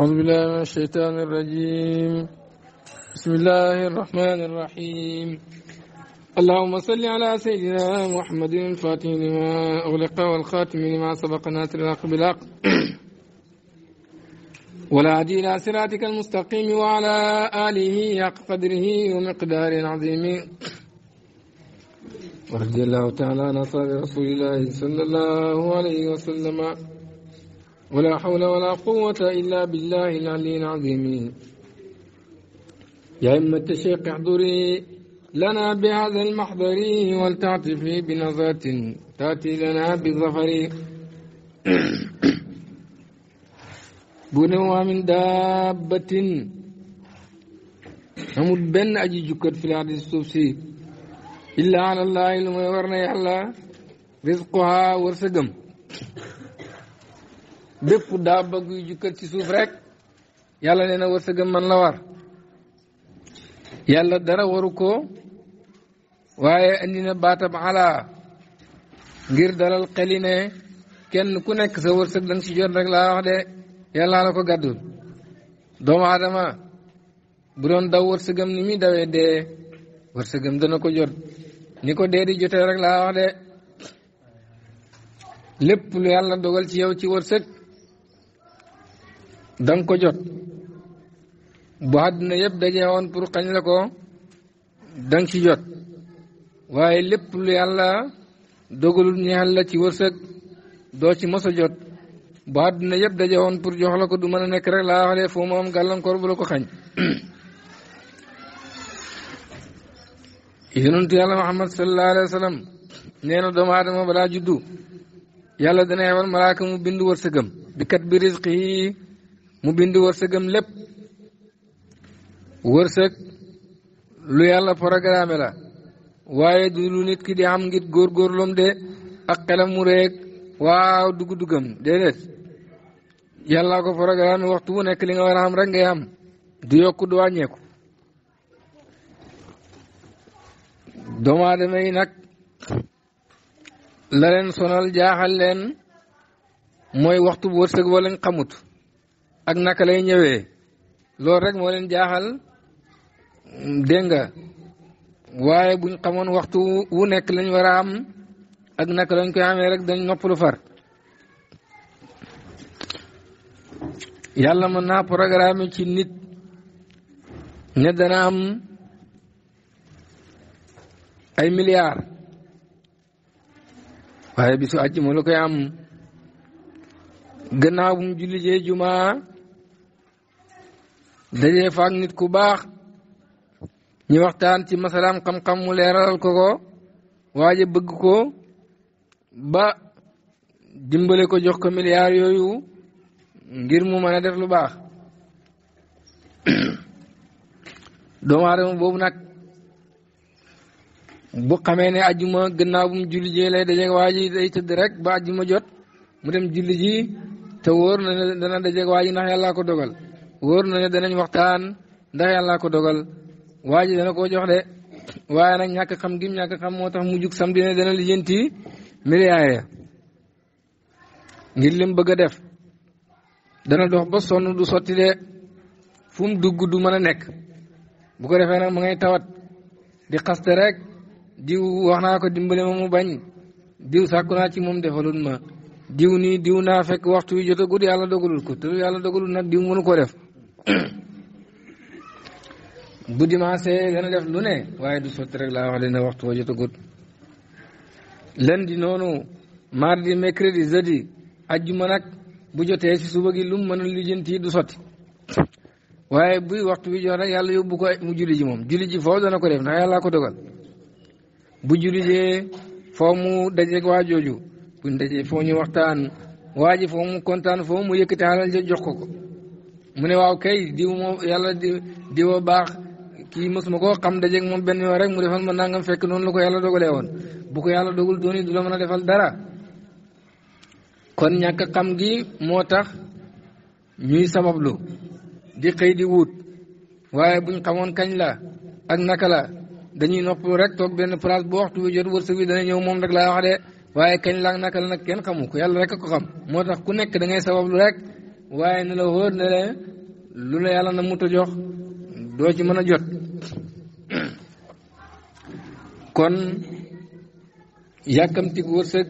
أعوذ بالله من الشيطان الرجيم بسم الله الرحمن الرحيم اللهم صل على سيدنا محمد الفاتح لما أغلق والخاتم لما سبق ناصر الحق بالحق ولا عدي إلى صراطك المستقيم وعلى آله حق قدره ومقدار عظيم ورضي الله تعالى عن أصحاب رسول الله صلى الله عليه وسلم ولا حول ولا قوة إلا بالله العلي العظيم يا إمة الشيخ احضري لنا بهذا المحضر ولتعطفي بنظرة تأتي لنا بالظفر بنوها من دابة amul بن أجي جكت في si السوسي إلا على الله allahi يا الله رزقها ورسقم bépp daaba guy jukkat ci suuf rek yàlla nee na wërsëgam man la war yàlla dara waru ko waaye indi na baatam xalaa ngir dalal xeli kenn ku nekk sa wërsëg da nga jot rek la wax de yàlla la ko gàddul doomu aadama bu doon daw wërsëgëm ni muy dawe dee wërsëgam dana ko jot ni ko dee di jotee rek laa wax de lépp lu yàlla dogal ci yow ci wërsëg danga ko jot bu àdduna yëpp dajee woon pour xañ la ko dang ci jot waaye lépp lu yàlla dogalul ñeexal la ci wërsëg doo ci mos a jot bu àdduna yëpp daje woon pour jox la ko du mën a nekk rek laa waxalee foo mu am gàllankoor bu la ko xañ yonentu yàlla muhammad sallallahu alayhi wa sallam nee na doomu aadama balaa juddu yàlla dana yebal malaaka mu bind wërsëgam bi kat bi risque mu bind wërsëgam lépp wërsëg lu yàlla programme la waaye du lu nit ki di am ngir góorgóorloom de ak xelam mu réeg waaw dugg-duggam déedéet yàllaa ko programme waxtu wu nekk li nga war a am rek ngay am du yokk du wàññeeku doomu aadama yi nag la leen sonal jaaxal leen mooy waxtu bu wërsëg wala xamut ak naka lay ñëwee loolu rek moo leen jaaxal dégg nga waaye buñ xamoon waxtu wu nekk lañ war a am ak naka lañ koy amee rek dañ noppalu far yàlla mën naa programme ci nit ne dana am ay milliards waaye bisu àjjuma la koy am gannaaw bu mu julli jee jumaa dajee faak nit ku baax ñu waxtaan ci masalaam xam-xam mu leeralal ko ko waaje bëgg ko ba dimbale ko jox ko milliards yooyu ngir mu mën a def lu baax doomu aadama boobu nag bu xamee ne ajjuma gannaaw bu mu julli ji lay dajeeg waa ji day tëdd rek ba ajjuma jot mu dem julli ji te wóor na dana dajeeg waa ji ndax yàllaa ko dogal wóor na ne danañ waxtaan ndax yàlla ko dogal waa ji dana koo jox de waaye nag ñàkk xam gim ñàkk xam moo tax mu jug samedi ne dana lijjanti miliyaar ya ngir lim bëgg a def dana dox ba sonn du sotti de fu mu dugg du mën a nekk bu ko defee nag mu ngay tawat di xaste rek diw wax naa ko dimbale ma mu bañ diw sàkku ci moom defalul ma diw nii diw naa fekk waxtu wi jotagul yàlla dogalul ko te yàlla dogalul nag diw mënu ko def bu dimanche dana def lu ne waaye du sotti rek la wax de ne waxtu wa jotagut lundi noonu mardi mercredi jeudi ajjuma nag bu jotee si suba gi lu mën a lijjanti du sotti waaye buy waxtu bi jox nag yàlla yóbbu ko mu julli ji moom julli ji foofu dana ko def ndax yàlla ko dogal bu julli jee foo mu dajeeg waa jooju buñ dajee foo ñu waxtaan waa ji foo kontaan foo mu yëkkati alal jox ko. mu ne waaw kay diw moo yàlla di a baax kii mosuma koo xam dajeeg moom benn yoon rek mu defal ma nangam fekk noonu la ko yàlla dogalee woon bu ko yàlla dogul dooni du a defal dara kon ñàkk xam gi moo tax ñuy sabablu di xëy di wut waaye buñ xamoon kañ la ak naka la dañuy noppalu rek toog benn place boo waxtu bi jot wërsëg bi dana ñëw moom rek laa wax de waaye kañ la ak naka nag kenn xamu ko yàlla rek a ko xam moo tax ku nekk da sabablu rek waaye ne la wóor ne la lu la yàlla na muta jox doo ci mën a jot kon yàkkamtik wërsëg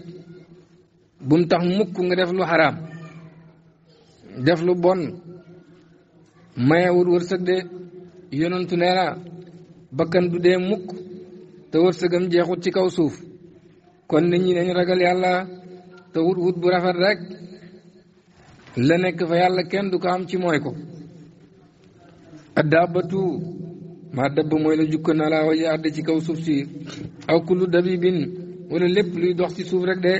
bum tax mukk nga def lu xaraam def lu bon mayewut wërsëg de yonentu nee bakkan du dee mukk te wërsëgam jeexut ci kaw suuf kon nit ñi dañu ragal yàlla te wut wut bu rafet rekk la nekk fa yàlla kenn du ko am ci mooy ko addaabatu maa dabb mooy la jukka na laa waji àdd ci kaw suuf si aw kullu dabibin wala lépp luy dox ci suuf rek de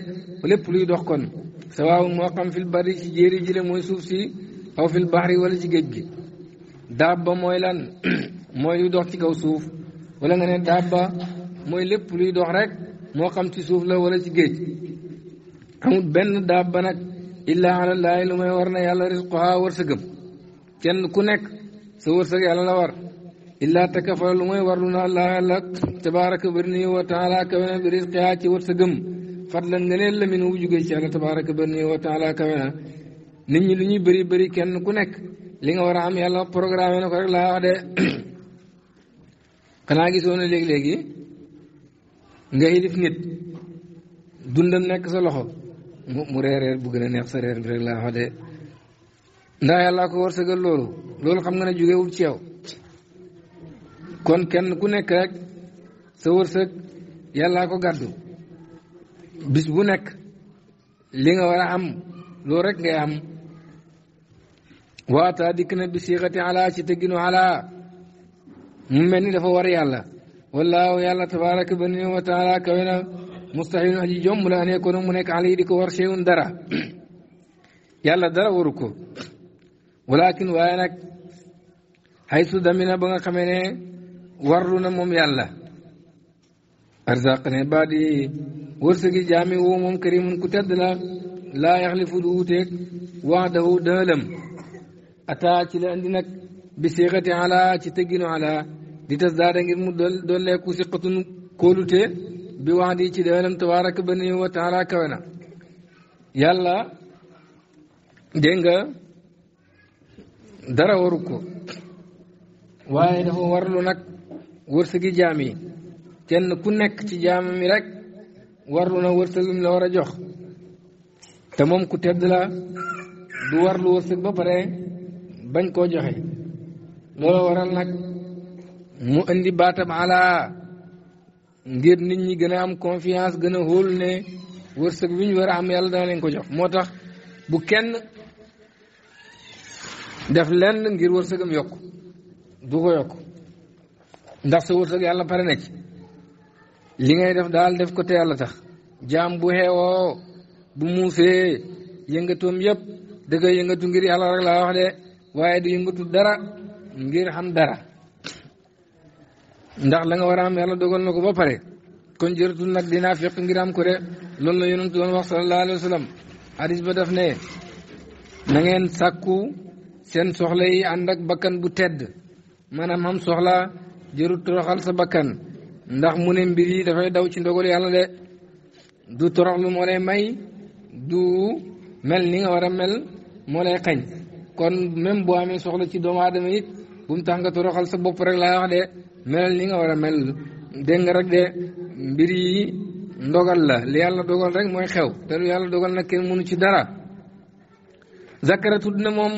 lépp luy dox kon sawaaw moo xam fil bari ci jéeri ji mooy suuf si aw fil baxri wala ci géej gi daabba mooy lan mooy luy dox ci kaw suuf wala nga ne daabba mooy lépp luy dox rek moo xam ci suuf la wala ci géej amul benn daabba nag illaa alallaahi lu may war na yàlla risquhaa wërsëgam kenn ku nekk sa wërsëg yàlla la war illaa takafala lu may war lu na allah yàlla tabaaraka bari nii wa taala kawe na bi risqihaa ci wërsëgam fadlan nga neen la min wu jugee ci yàlla tabaaraka bari nii wa nit ñi lu ñuy bari bari kenn ku nekk li nga war a am yàlla programme na ko rek laa wax de xanaa gisoo ne léegi-léegi nga yilif nit dundam nekk sa loxo mu reer reer bu gën a neex sa reer bi rek laa wax de ndax yàllaa ko wërsëgal loolu loolu xam nga ne jógewul ci yow kon kenn ku nekk rek sa wërsëg yàllaa ko gàddu bis bu nekk li nga war a am loolu rek ngay am waataa dikk na bi siixati ala ci tëgginu ala mu mel ni dafa war yàlla wallaahu yàlla tabaraka bani wa taala kawe na mustahilun aji jomb la ne kono mu nekk war seyun dara yàlla dara waru ko walakin waaye nag xay damina ba nga xamee ne warlu na moom yàlla arzaq ne jaami woo karimun ku tedd la yaxlifu du wuteeg wax dahu ataa ci la andi bi siixati ala di tas daada ngir mu dolleeku siqatun bi wax di ci déwénam tabaaraka bani wa taala kawe na yàlla dégg nga dara waru ko waaye dafa warlu nag wërsëgi jaam yi kenn ku nekk ci jaamam yi rek warlu na wërsëg la war a jox te moom ku tedd la du warlu wërsëg ba pare bañ koo joxe moo la waral nag mu indi baatam ala ngir nit ñi gën a am confiance gën a hóolu ne wërsëg wi ñu war a am yàlla dana leen ko jox moo tax bu kenn def lenn ngir wërsëgam yokk du ko yokk ndax sa wërsëg yàlla pare na li ngay def daal def ko te yàlla tax jaam bu xeewoo bu muusee yëngatoom yëpp da yëngatu ngir yàlla rek laa wax de waaye du yëngatu dara ngir xam dara ndax la nga war a am yàlla dogal na ko ba pare kon jërëtul nag dinaa fekk ngir am ko de loolu la yonent doon wax sallallahu alayhi wa ba daf ne ngeen sàkku seen soxla yi ànd bakkan bu tedd maanaam am soxla jërut toroxal sa bakkan ndax mu ne mbir dafay daw ci ndogal yàlla de du toroxlu moo lay may du mel ni nga war a mel moo lay xañ kon même boo amee soxla ci doomu aadama it bu tax nga toroxal sa bopp rek laa wax de melal li nga war a mel dégg nga de mbir yi ndogal la li yàlla dogal rek mooy xew te lu yàlla dogal nag kenn mënu ci dara zakara tudd na moom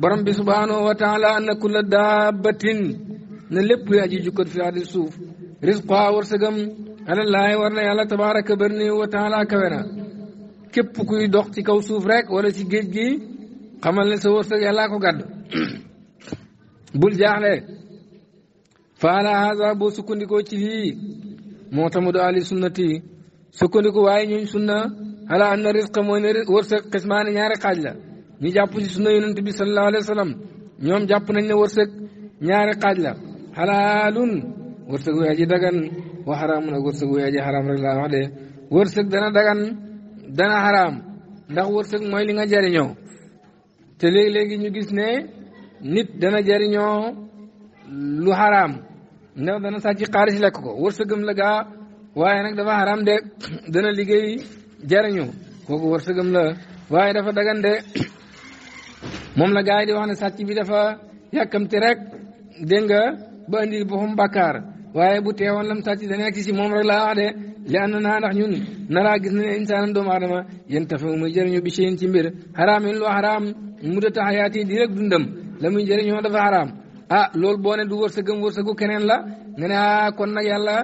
borom bi subhanahu wa taala anna daabatin ne lépp luy aji jukkat fi àddi suuf war wërsëgam alallaay war na yàlla tabaraka barni wa taala képp kuy dox ci kaw suuf rek wala ci géej gi xamal ne sa wërsëg yàllaa ko gàdd bul jaaxle faala haza boo sukkandikoo ci lii moo tamu do ali sukkandiku waaye ñuñ sunna ala an na risque mooy ne wërsëg xismaane ñaari xaaj la ñu jàpp ci sunna yonent bi sallallahu alayhi wa sallam ñoom jàpp nañ ne wërsëg ñaari xaaj la xalaalun wërsëg wu aji dagan wa xaraamun ak wërsëg wu aji xaraam rek laa wax de wërsëg dana dagan dana xaraam ndax wërsëg mooy li nga jariñoo te léegi-léegi ñu gis ne nit dana jariñoo lu xaraam ndax dana sàcc xaalis lekk ko wërsëgam la ga waaye nag dafa xaram de dana liggéey jariñu war wërsëgam la waaye dafa dagan de moom la gaa di wax ne sàcc bi dafa yàkkamti rek dégg nga ba andil boppam bàkkaar waaye bu teewoon lam sàcc dana nekk si moom rek laa wax de li ànd naa ndax ñun naraa gis na ne insaan doomu aadama yéen tafe muy jëriñu bi ci mbir xaraam in lu xaraam mu data xayaati di rek dundam la muy jëriñoo dafa xaraam ah loolu boo ne du wërsëgam wërsëgu keneen la nga ne ah kon nag yàlla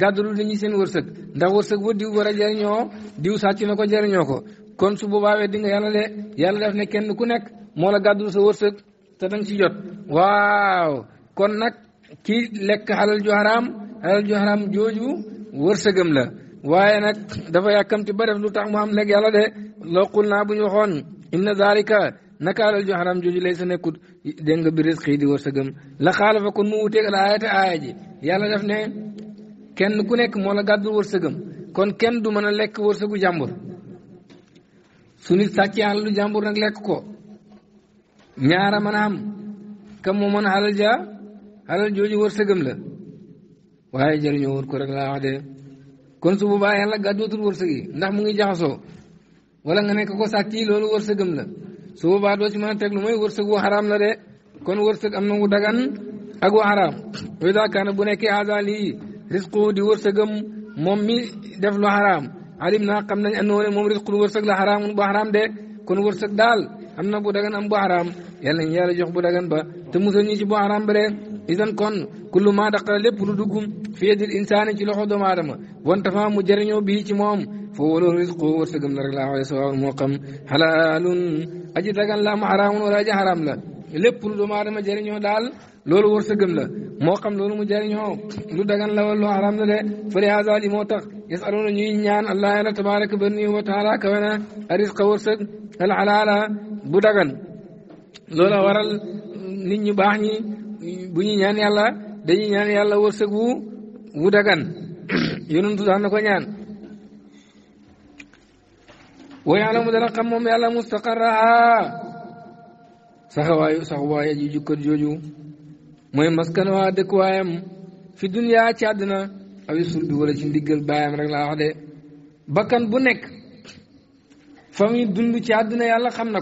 gàddulu nit ñi seen wërsëg ndax wërsëg wa diw war a jëriñoo diw sàcc na ko jariñoo ko kon su boobaa weddi nga yàlla de yàlla def ne kenn ku nekk moo la gàddul sa wërsëg te danga ci jot waaw nag ki lekk alal ju xaraam alal ju xaraam jooju wërsëgam la waaye nag dafa yàkkamti ba def lu tax mu am lekk yàlla de loo naa bu ñu waxoon inna zalika naka alal ju xaraam jooju lay sa nekkut dégg nga bi risque di wërsëgam la xaalafa kon mu wuteeg al aaya te aaya ji yàlla def ne kenn ku nekk moo la gàddul wërsëgam kon kenn du mën a lekk wërsëgu jàmbur su nit sàcc alalu jàmbur nag lekk ko ñaara mën a am kam moo mën a alal ja alal jooju wërsëgam la waaye jëriñoo war ko rek laa wax de kon su boobaa yàlla gàddootul wërsëg yi ndax mu ngi jaxasoo wala nga nekk ko sàcc yi loolu wërsëgam la su boobaa doo ci mën a teg lu mooy wërsëg wu xaraam la de kon wërsëg am na wu dagan ak wu xaraam wa idaa kaana bu nekkee haazaa lii risquhu di wërsëgam moom mi def lu xaraam alim naa xam nañ an ne moom risqul wërsëg la xaraam bu xaraam de kon wërsëg daal am na bu dagan am bu xaraam yàlla ñu jox bu dagan ba te musal ñi bu xaraam ba de isan kon kullu maa daqala lépp lu dugg fi yadil insaani ci loxo doomu aadama won tafa mu jëriñoo bii ci moom fo wóolu risqu wërsëgam la rek laa waxee sawaawun moo la am xaraamun wala aji xaraam la lépp lu doomu aadama jëriñoo daal loolu la moo xam loolu mu jëriñoo lu dagan la wala lu xaraam la de fële a li moo tax yasaluna ñuy ñaan allah yàlla tabaraka barni wa taala kawe na risqa wërsëg al xalaala bu dagan loola waral nit baax ñi bu ñuy ñaan yàlla dañu ñaan yàlla wërsëg wu wu dagan yonentu daan na ko ñaan wa yaalamu dana xam moom yàlla mustaqarraha saxawaayu saxawaaya ji jukkat jooju mooy maskan waa dëkkuwaayam fi duniyaa ci àddina awi sulbi wala ci ndiggal baayam rek laa wax de bakkan bu nekk fa muy dund ci àddina yàlla xam na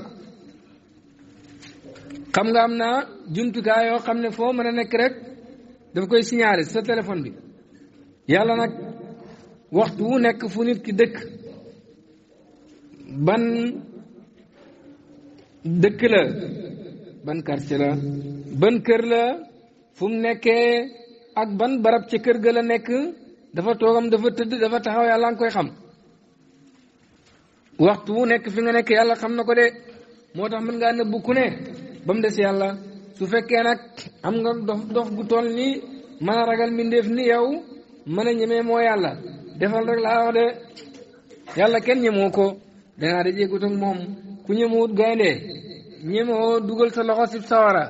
xam nga am naa jumtukaay yoo xam ne foo mën a nekk rek daf koy signaler sa téléphone bi yàlla nag waxtu wu nekk fu nit ki dëkk ban dëkk la ban quartier la ban kër la fu nekkee ak ban barab ci kër ga la nekk dafa toogam dafa tëdd dafa taxaw yàlla nga koy xam waxtu wu nekk fi nga nekk yàlla xam na ko de moo tax mën ngaa nëbbu ku ne ba mu des yàlla su fekkee nag am nga dof dof gu toll nii mën a ragal mbindeef ni yow mën a ñemee moo yàlla defal rek laa wax de yàlla kenn ñemoo ko danaa dajeegut ak moom ku ñemewut gaynde ñemoo dugal sa loxo si sawara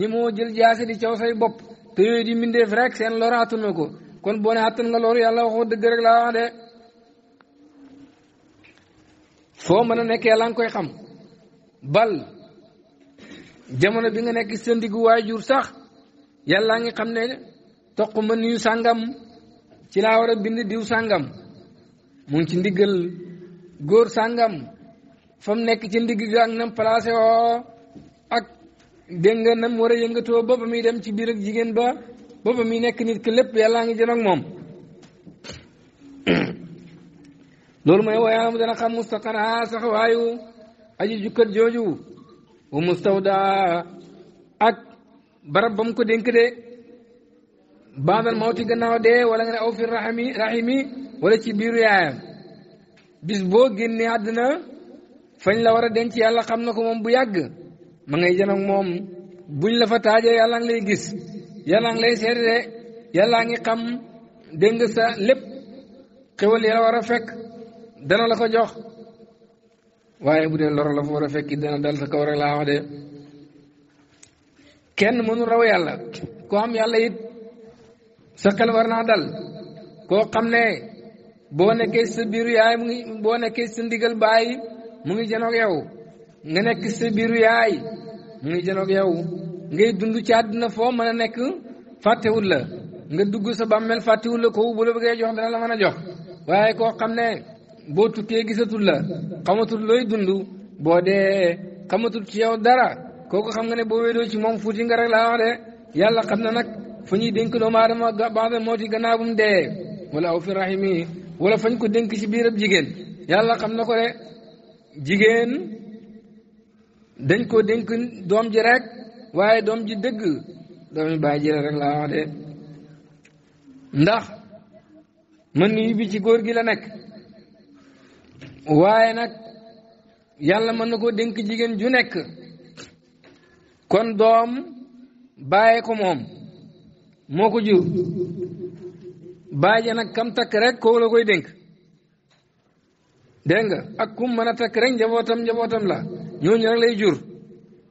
ñemoo jël jaasi di caw say bopp te yooyu di mbindeef rek seen lor àttun na ko kon boo ne nga loolu yàlla waxoo dëgg rek laa wax de foo mën a nekkee la koy xam bal jamono bi nga nekk sa ndiggu jur sax yàllaa ngi xam ne toq ma nuyu sàngam ci laa war a bind diw sàngam mu ci ndiggal góor sàngam fa mu nekk ci ndigg ga ak nam placé oo ak dégg nam war a yëngatoo ba mi dem ci biir ak jigéen ba ba mi nekk nit ki lépp yàllaa ngi jënd ak moom loolu mooy waaye dana xam mustaqara sax waayu aji jukkat jooju wa mustawdaa ak barab ba mu ko dénk de baandal mawti gannaaw dee wala nga ne aw fi wala ci biiru yaayam bis boo génnee àddina fañ la war a denc yàlla xam na ko moom bu yàgg ma ngay jën ak moom buñ la fa taajee yàlla ngi lay gis yàlla ngi lay seede ngi xam dégg sa lépp xéwal yi war a fekk dana la ko jox waaye bu dee lor la fa war a fekki dana dal sa kaw rek laa wax de kenn mënu raw yàlla koo am yàlla it sa xel war naa dal koo xam ne boo nekkee sa biiru yaay mu ngi boo nekkee sa ndigal baay mu ngi janoog yow nga nekk sa biiru yaay mu ngi janoog yow ngay dund ci àddina foo mën a nekk fàttewul la nga dugg sa bàmmeel fàttewul la ko bu la bëggee jox dana la mën a jox waaye koo xam ne boo tukkee gisatul la xamatul looy dund boo dee xamatul ci yow dara kooku xam nga ne boo wéedoo ci moom fuuti nga rek laa wax de yàlla xam na nag fa ñuy dénk doom aadama baax moo ci gannaaw bu mu dee wala aw fi rahimi wala fañ ko dénk ci biirab jigéen yàlla xam na ko de jigéen dañ koo dénk doom ji rek waaye doom ji dëgg doomi bàyyi ji rek laa wax de ndax mën ni bi ci góor gi la nekk waaye nag yàlla mën na koo dénk jigéen ju nekk kon doom bàyyi ko moom moo ko jur bàyyi nag kam takk rek kooku la koy dénk dégg nga ak kum mën a takk rek njabootam njabootam la ñooñu rek lay jur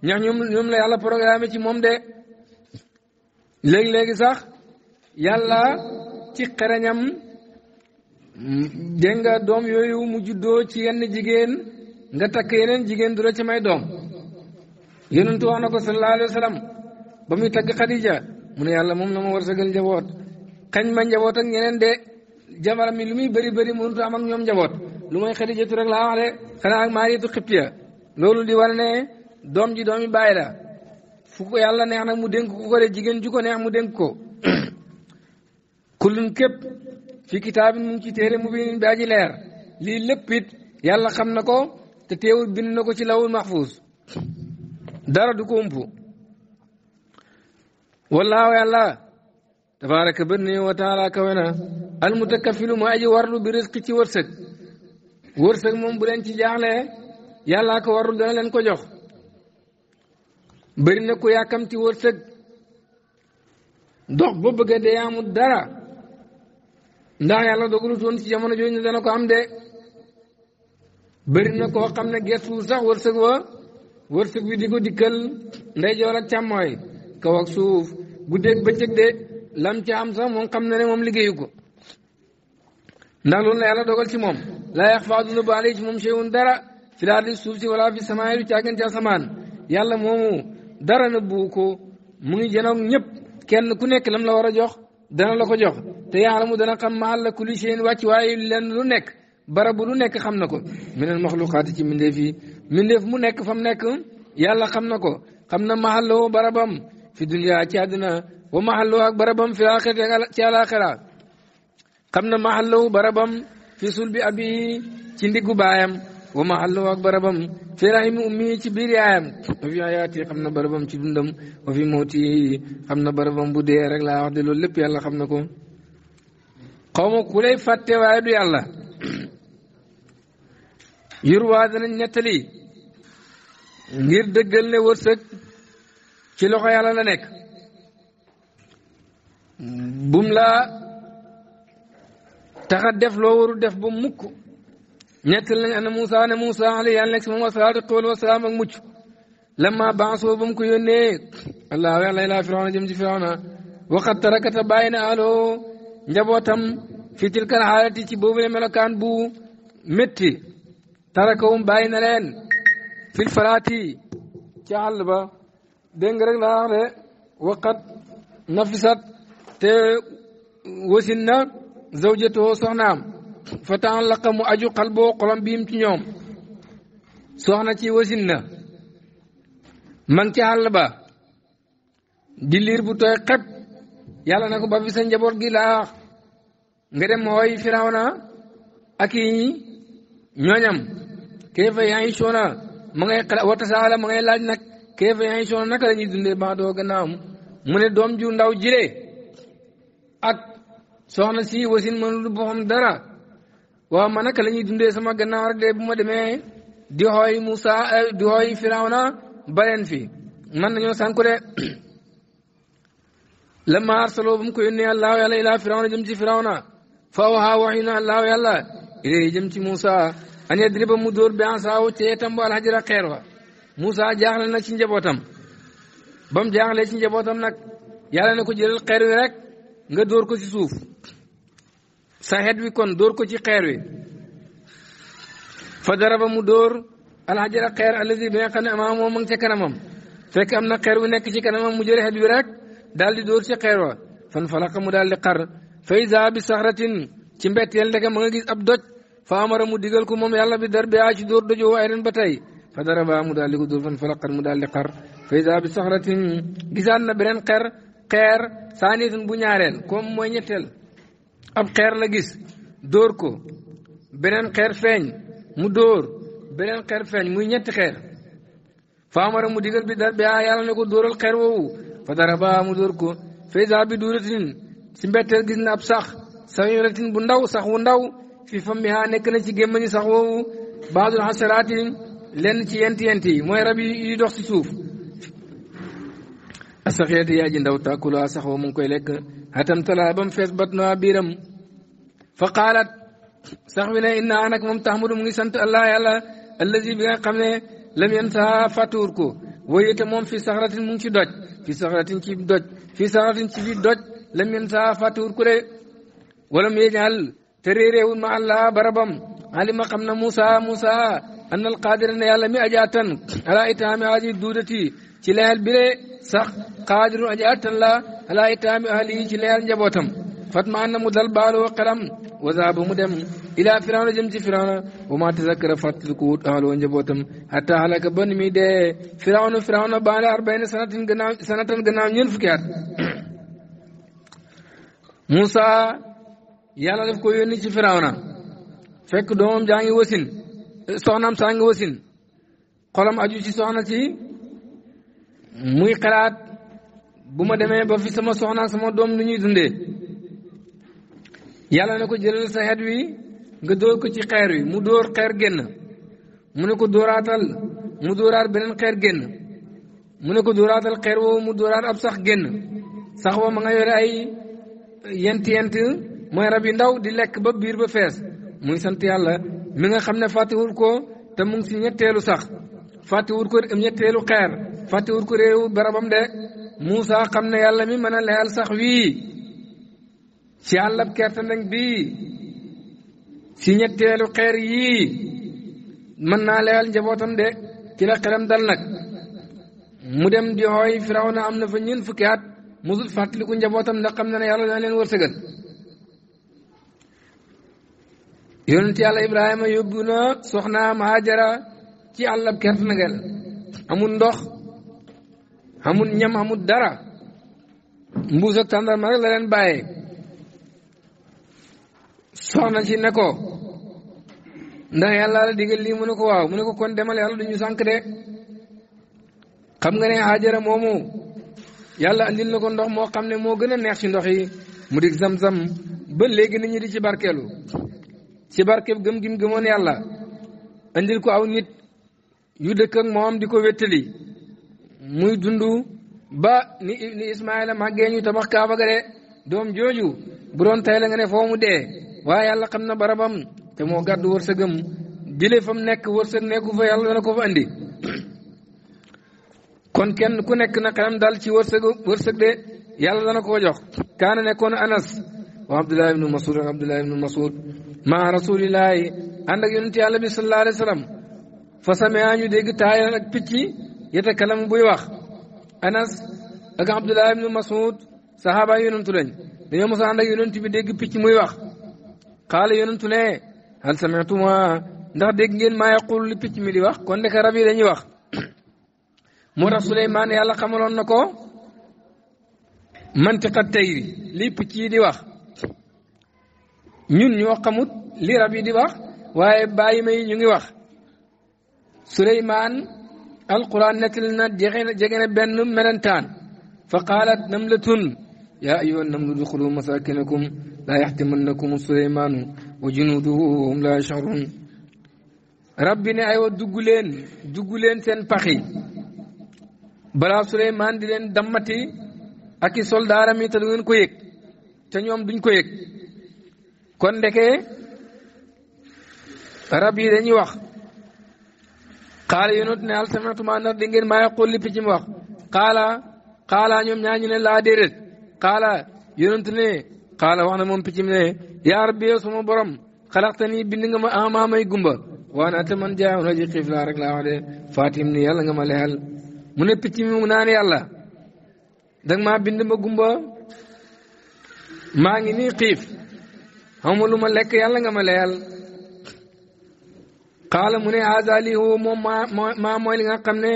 ñax ñoom ñoom la yàlla programme ci moom de léegi-léegi sax yàlla ci xereñam dégg nga doom yooyu mu juddoo ci yenn jigéen nga takk yeneen jigéen du la ci may doom yonentu wax na ko sallallahu alayhi wa sallam ba muy takk Khadija mu ne yàlla moom na ma war sa gën njaboot xañ ma njaboot ak ñeneen de jabaram mi lu muy bëri bëri mënut am ak ñoom njaboot lu mooy Khadijatu rek laa wax de xanaa ak Maariyatu Xibtiya loolu di war ne doom ji doomi bàyyi la fu ko yàlla neex na mu dénk ko ko de jigéen ju ko neex mu dénk ko fi kitaabin mu ngi ci téere mubiin bi aji leer lii lépp yàlla xam na ko te teewul bind na ko ci lawul maxfuus dara du ko ëmp wallaahu yàlla tabaaraka bët ne wa taala kawe na al mutakaffilu aji warlu bi risqi ci wërsëg wërsëg moom bu leen ci jaaxlee yàllaa ko warlu dana leen ko jox bëri na ku yàkkamti wërsëg dox ba bëgga dee dara ndax yàlla dogalut woon ci jamono jooju ne dana ko am de bëri na xam ne gertu sax wërsëg wa wërsëg bi di ko dikkal ndeyjoor ak càmmooy kaw ak suuf guddeeg bëccëg de lam ca am sax moom xam na ne moom liggéeyu ko ndax loolu la yàlla dogal ci moom laa yaxfaa du nëbb alay ci moom shay'un dara fi di suuf si wala fi samaay du caagan ci asamaan yàlla moomu dara nëbbu ko mu ngi jënoog ñëpp kenn ku nekk lam la war a jox dana la ko jox te yaalamu dana xam mahalla kulli shay'in wàcc waaye lenn lu nekk barabu lu nekk xam na ko minal maxluqaati ci mindeef mindeef mu nekk fa mu nekk yàlla xam na ko xam na mahalloo barabam fi dunya ci àdduna wa mahalloo ak barabam fi aaxirati ci alaaxira xam na mahalloo barabam fi sulbi abi ci ndiggu baayam wa mahallu ak barabam fi rahimi ummi ci biir yaayam wa fi xam na barabam ci dundam wa fi xam na barabam bu dee rek laa wax de loolu lépp yàlla xam na ko xawma ma ku lay fàtte waaye du yàlla yurwaa danañ nettali ngir dëggal ne wërsëg ci loxo yàlla la nekk bum la taxa def loo waru def ba mukk نيت لنا موسى انا موسى علي انك مو صادق قول وسلام مج لما بعثوا بمكو يونيك الله يا ليلى فرعون جمج فرعون وقد تركت بين الو جبوتم في تلك الحالة تي بو ملكان بو متي تركهم بين لين في الفراتي تعلبا دنگرك لا وقد نفست تي وسنا زوجته صنام fa ta'allaqa mu aju xalboo xolam biim ci ñoom soxna ci wasin na ma ci àll ba di liir bu tooy xep yàlla na ko ba fi sa njaboot gi laax nga dem mooy na ak i ñooñam kayfa ya'ishuuna ma ngay watasaala ma ngay laaj nag kayfa ya'ishuuna naka la ñuy dundee baax doo gannaawam mu ne doom ju ndaw jile ak soxna si wasin mënul boppam dara waaw man naka la dundee sama gannaaw rek de bu ma demee di xooy Moussa eh, di xooy Firawna baleen fi man nañoo sànku de la ma arsaloo ba mu ko yónnee allaahu yàlla ilaa Firawna jëm ci Firawna fa waxaa waxi mu dóor bi ansaaw ci yetam ba alxajara xeer wa Moussa jaaxle na ci njabootam bam mu ci njabootam nag yàlla ne ko jëlal xeer wi rek nga dóor ko ci suuf sa xet kon dóor ko ci xeer wi fa dara ba mu dóor alxajara xeer allazi bi nga xam ne amaam moom ma ngi kanamam fekk am na xeer wu nekk ci kanamam mu jëlee xet wi rek daal di dóor ci xeer wa fan falaqa mu daal di xar fa izaa bi saxratin ci mbetteel ndeke ma nga gis ab doj fa mu digal ko moom yàlla bi dar bi aa ci dóor dojoo ay ba tey fa mu daal di ko dóor fan mu daal di xar fa bi saxratin gisaat na beneen xeer xeer saanitin bu ñaareel comme mooy ñetteel ab xeer la gis dóor ko beneen xeer feeñ mu dóor beneen xer feeñ muy ñetti xeer faamara mu digal bi da bi a ah, yàlla na ko dóoral xeer woowu fa dara ba mu dóor ko faysa bi duuratin si mbetteel gis na ab sax sawiratin bu ndaw sax wu ndaw fi fammiha nekk na ci gémmañu sax woowu baadul xasaraati lenn ci yent yent yi mooy rab yi dox si suuf asaxiyati yaa ji ndaw tàkkulaa ah, sax woo mu ngi koy lekk هتم تلابم فيس بطنو بيرم فقالت سخبنا إن أنك ممتحمر مني سنت الله يلا الذي بها قمنا لم ينتهى فاتوركو ويتمون في سخرة منك دوت في سخرة كيب دوت في سخرة كيب دوت لم ينتهى فاتوركو ولم يجعل تريري مع الله بربم علم قمنا موسى موسى أن القادر أن يعلم أجاتا على إتهام هذه الدودة تلاه البلئ sax qaadirun aji attan la ala itaami ahlihi ci leer njabootam fatma an na mu dal baaloo xelam wa zaaba mu dem ila firawna jëm ci firawna wa ma tazakkara fàttaliku wut ahloo njabootam hatta halaka ba ni muy dee firawna firawna baale arbayna sanatin gannaaw sanatan gannaaw ñeent fukki at Moussa yàlla daf ko yónni ci firawna fekk doomam jaa ngi wasin soxnaam saa ngi wasin xolam aju ci soxna si muy xalaat bu ma demee ba fi sama soxna sama doom lu ñuy dundee yàlla na ko jëlal sa xet wi nga dóor ko ci xeer wi mu dóor xeer génn mu ne ko dóoraatal mu dóoraat beneen xeer génn mu ne ko dóoraatal xeer woowu mu dóoraat ab sax génn sax woo ma nga yore ay yent yent mooy rab yu ndaw di lekk ba biir ba fees muy sant yàlla mi nga xam ne fàttewul ko te mu ngi si ñetteelu sax fàtte wut ko ñetteelu xeer fàtte wut ko réewu barabam de Moussa xam na yàlla mi mën a leyal sax wii ci àllab kerte nag bii si ñetteelu xeer yii mën naa leyal njabootam de ci la dal nag mu dem di hooy na am na fa ñeent fukki at musul fàttaliku njabootam ndax xam na ne yàlla dana leen wërsëgal yonent yàlla Ibrahima yóbbu na soxnaam Hajara ci àllab kerte na ngel amul ndox amul ñam amul dara mbuus ak tàndarma rek la leen bàyyee soxna si ne ko ndax yàlla la digal lii mu ne ko waaw mu ne ko kon demal yàlla duñu sànq de xam nga ne Haajara moomu yàlla andil na ko ndox moo xam ne moo gën a neex ci ndox yi mu di zam-zam ba léegi nit ñi ci barkeelu ci barkeeb gëm gim gëmoon yàlla andil ko aw nit yu dëkk moom di ko wéttali muy dund ba ni ni Ismaayla màggee ñu tabax Kaaba ga de doom jooju bu doon tey la nga ne foo mu dee waaye yàlla xam na barabam te moo gàddu wërsëgam jëlee fa mu nekk wërsëg nekku fa yàlla dana ko fa andi kon kenn ku nekk na xelam dal ci wërsëg wërsëg de yàlla dana ko jox kaana nekkoon anas wa abdullahi ibnu masud ak abdullahi ibnu masud maa rasulillahi ànd ak yonent yàlla bi sallallahu alayhi wa sallam fa samea ñu dégg taayan ak picc yatakallam buy wax anas ak abdullah ibnu masud sahaaba yonentu lañ dañoo mos a ànd ak yonentu bi dégg picc muy wax xaala yonentu ne hal sami'tuma ndax dégg ngeen maa yaqul li picc mi di wax kon ndeke rab yi dañuy wax moo tax Suleymaan yàlla xamaloon na ko mantiqa tayri li picc yi di wax ñun ñoo xamut li rab yi di wax waaye bàyyi may ñu ngi wax suleymaan alquran nettali na jege na benn melentaan fa qaalat namlatun yaa ayyuhan namlu duxulu masakinakum laa yaxtimannakum suleymaanu wa junuuduhu wa hum laa yashcuruun rabbi ne aywa dugg leen dugg leen seen paxi balaa suleymaan di leen dammati aki i soldaaram yi te ko yëg te ñoom duñ ko yeg kon ndeke rab yi dañuy wax xaala yonent ne al samatuma ndax di maa yaqul li picc mi wax xaala xaala ñoom ñaa ñu ne laa déedéet xaala yonent ne xaala wax na moom picc mi ne yaa rabbi yow borom xalaxta nii bind nga ma ama may gumba waaye nag te man jaay ma ji xiif laa rek laa wax de Fatim ni yàlla nga ma leyal mu ne picc mu naan yàlla danga ma bind ma gumba maa ngi nii xiif xamuma lu ma lekk yàlla nga ma leyal kaala mune hasali huwa mo ma moyli ga kam ne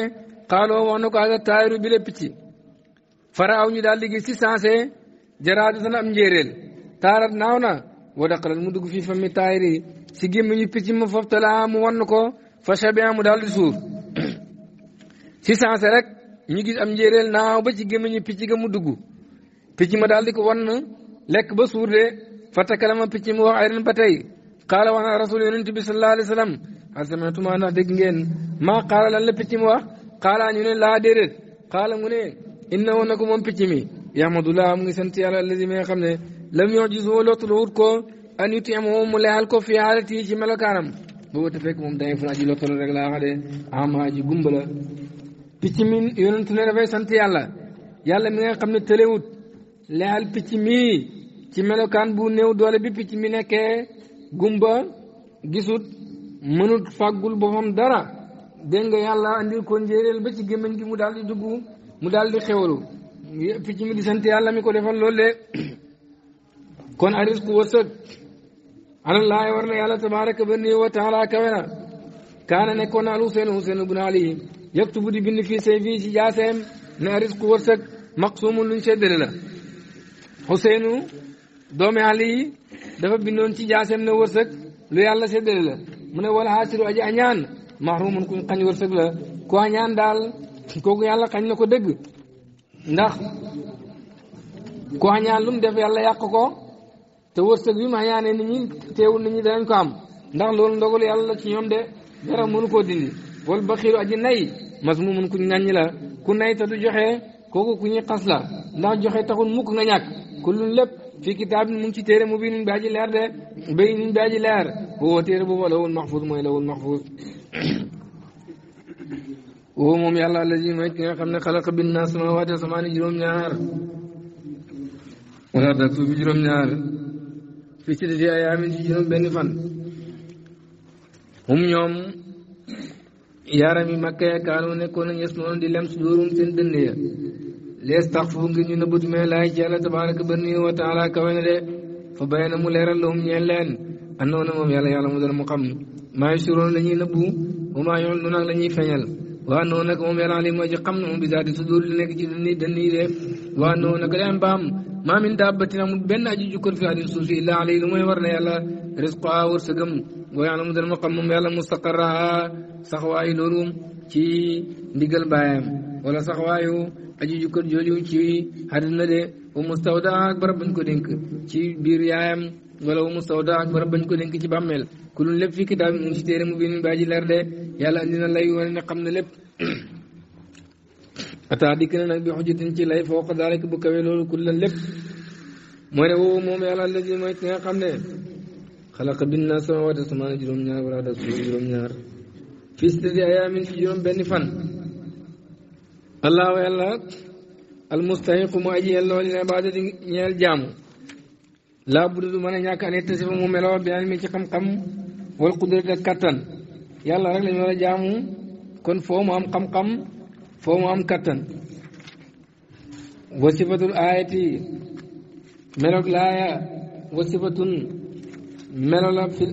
kaalo wono ko hasa tayiru bile picci fara awñu dal ligi si sense jarade tan am jeerel taarat nawna wodakalal mu dugg fi fami tayiri si gimmiñu picci mu foftala mu wonno ko fa chabin mu dal di suur si sense rek ñu gis am jeerel naaw ba ci gimmiñu picci ga mu dugg picci ma dal di ko wonn lekk ba suur de fa takalama picci mu wax ayren ba tey qala wana rasul yonente bi sal allah alih w sallam hal samatuma ndax dégg ngeen maa xaala lan la picc mi wax xaala ne laa déedéet xaala mu ne inna woon na ko moom picc mi yahmadullah mu ngi sant yàlla allazi mi nga xam ne lam yox gis woo lottul wut ko an uti am moom mu leexal ko fi xaalati ci melokaanam boobu te fekk moom dañu la picc mi mi nga ci melokaan bu néew doole bi picc mi nekkee gumba gisut mënut fàggul boppam dara dégg nga yàlla andil ko njéeréel ba ci gémmiñ gi mu daal di mu daal di xewalu picc mi di sant yàlla mi ko defal loolu de kon arisku wërsëg alallaay war na yàlla tabaraka ba nii wa taala kawe na nekkoon al Huseyn Huseyn bu naali yaktubu di bind fii say ci jaaseem ne arisku wërsëg maqsumun luñ seddale la Huseynu Ali dafa bindoon ci jaaseem ne wërsëg lu yàlla séddale la mu ne wala xaasiru aji añaan mahrumun kuñ xañ wërsëg la ku añaan daal kooku yàlla xañ na ko dëgg ndax ku añaan lu mu def yàlla yàq ko te wërsëg bi mu añaanee nit ñi teewul nit ñi danañ ko am ndax loolu ndogalu yàlla ci ñoom de dara mënu koo dindi wala baxiiru aji nay mas mu mun kuñ ŋàññi la ku nay te du joxe kooku ku ñuy xas la ndax joxe taxul mukk nga ñàkk kullun lépp fii kitaab mu ngi ci téere mu bii nuñ baaji leer de bay nuñ baaji leer woo téere boobu lawul maxfuus mooy mooy ki nga xam ne xalaqa bin naa samawaati samaani juróom-ñaar wala da bi juróom-ñaar fii ci dati yaaram yi makka ya kaanu nekkoon nañ yes noonu di lem su seen dënd ليستغفوا غي ني نوبوت مي لاي جالا تبارك بني وتعالى كوين دي فبين مو ليرال لهم نيل لين انون موم يالا يالا مودر مقام ما يشرون لا ني نوبو وما يعلنون لا ني فنيال وانو نك موم يالا لي موجي خمن مو بذات صدور لي نك جي دني دني دي وانو نك لام بام ما من دابتنا مو بن اجي جوكر في هذه الصوفي الا عليه لمي ورنا يالا رزقا ورسغم ويعلم در مقام موم يالا مستقرا سخواي نورم كي ديغل بايام ولا سخوايو aji jukkër jooju ci xadis la de wa mustawda ak barab bañ ko dénk ci biir yaayam wala wa mustawda ak barab bañ ko dénk ci bàmmeel ku lépp fii kitaab mu ci ba ji leer de yàlla andi na lay wane ne xam na lépp ataa dikk na nag bi xujjatin ci lay fooq daalika bu kawee loolu ku lépp mooy ne woowu moom yàlla laji mooy ki nga xam ne xalaqa bind naa sama waate samaana juróom-ñaar wala da juróom-ñaar fii sitati ayaamin ci juróom benn fan الله ويلا المستحق مؤجي الله للعبادة نيال جام لا بد من ان يكون يتصف مملو بعلم كم كم والقدرة كتن يلا رجل نيال جام كن فوم ام كم كم فوم ام كتن وصفة الآية ملوك الآية وصفة ملوك في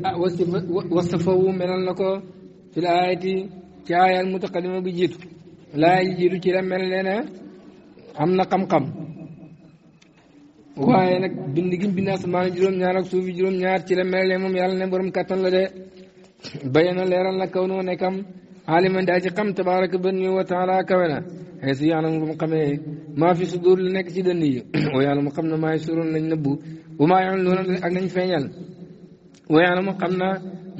وصفه ملوك في الآية كآية المتقدمة بجيتو laa yi jiitu ci la na ne am na xam-xam waaye nag bind gi bind asamaan juróom-ñaar ak suuf yi juróom-ñaar ci la moom yàlla ne borom kattan la de bayana leeral na kaw noo nekkam aliman daa ci xam tabaaraka bën ñu wa taala kawe na xëy si maa fi sudur li nekk ci dënd yi wa yàlla mu xam na maay suroon lañ nëbbu bu maa yoon loolu ak lañ feeñal wa yàlla mu na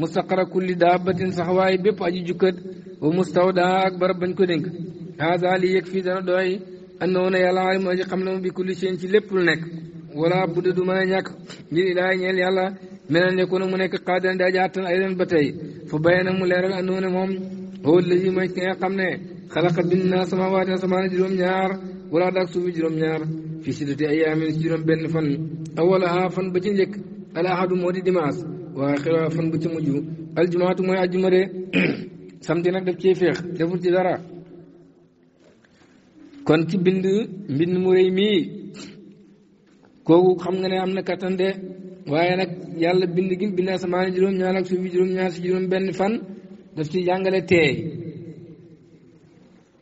mustaqara kulli daabatin sax waaye bépp aji jukkat wa mustawdaa ak barab bañ ko dénk haasa lii yëg fii dana doy andoona yàlla alim aji xam na mu bi kulli seen lépp lu nekk wala budda du mën a ñàkk ngir ñeel yàlla menen ne kono mu nekk xaadiran daa jaattan ay leen ba tey fa bayee na mu leeral andoona moom wóolu la si mooy nga xam ne xalaqa bind naa samaawaati asamaana juróom-ñaar wala daak suufi juróom-ñaar fi siddati ayaamin si juróom benn fan awalaha fan ba ci njëkk al ahadu moo di dimanche waa xiraa fan ba ci mujj aljumaatu mooy ajjuma de samedi nag daf cee féex deful ci dara kon ci bind mbind mu rëy mii kooku xam nga ne am na kattan de waaye nag yàlla bind gi bind asamaan juróom-ñaar ak suuf juróom-ñaar si juróom benn fan daf ci jàngale teey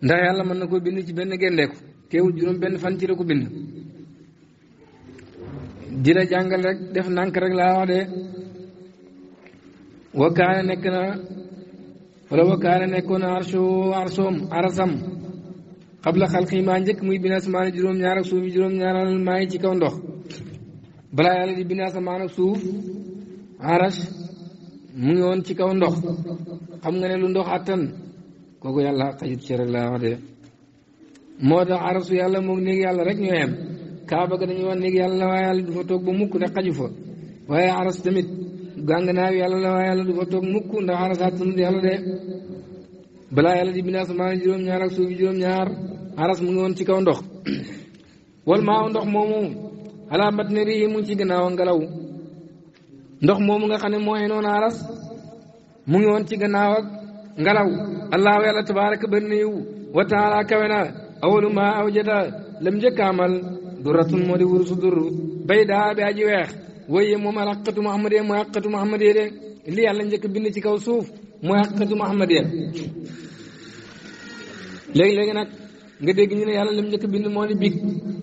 ndax yàlla mën na ko bind ci benn gendeeku teewul juróom benn fan ci la ko bind di la rek def nànk rek laa wax de wakkaane nekk na wala wa kaana nekkoon arshu arsoom arasam xabla xalqi maa njëkk muy bind asamaan ak juróom-ñaar suuf juróom-ñaaral maa ngi ci kaw ndox balaa yàlla di bind asamaan suuf arash mu ngi woon ci kaw ndox xam nga ne lu ndox attan kooku yàlla xajut ci rek laa wax de moo tax arasu yàlla moom néeg yàlla rek ñoo yem kaaba ga dañuy wax néeg yàlla waaye yàlla du fa toog ba mukk ne xaju fa waaye aras tamit gànganaaw yàlla la waa yàlla du fa toog mukk ndax arasatunu di yàlla de balaa yàlla di bind asamaan juróom-ñaar ak suufi juróom-ñaar aras mu ngi woon ci kaw ndox wal maa ndox moomu alaa mu ci gannaaw ngelaw ndox moomu nga xam ne moo enoon aras mu ngi woon ci gannaaw ak ngelaw allahu yàlla tabaraka bari na yiw wa taala kawe na awalu maa awjada lam njëkk amal duratun moo di wurusu dur baydaa bi aji weex waaye moom alxaqatu muhammadiyya mooy xaqatu muhammadiyya de li yàlla bind ci kaw suuf mooy xaqatu muhammadiyya léegi léegi nag nga dégg ñu ne yàlla lim njëkk bind moo ni big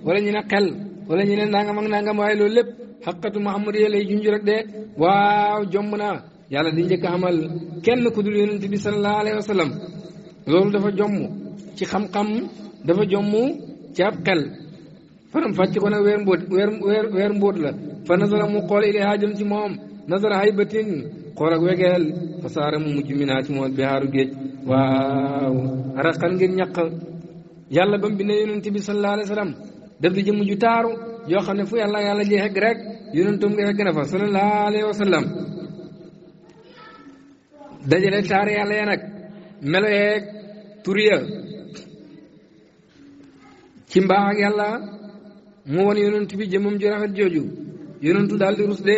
wala ñu ne xel wala ñu ne nangam ak nangam waaye loolu lépp xaqatu muhammadiyya lay junj rek de waaw jomb naa yàlla di njëkk amal kenn ku dul yonent bi sallallahu alayhi wa sallam loolu dafa jomm ci xam-xam dafa jomm ci ab xel. faram fàcc ko nag weer mbóot weer weer weer mbóot la fa nasara mu xool ilayha jëm ci moom nasara haybatin xool ak wegeel fa saara mu mujj minaa ci moom bihaaru géej waaw araqan ngir ñaq yàlla ba mu bindee yonent bi sallallahu alayhi wa sallam def di yoo xam ne fu yàlla melo yeeg tur ci mbaax ak yàlla mu won yonent bi jëmmam ju rafet jooju yonentu daal di de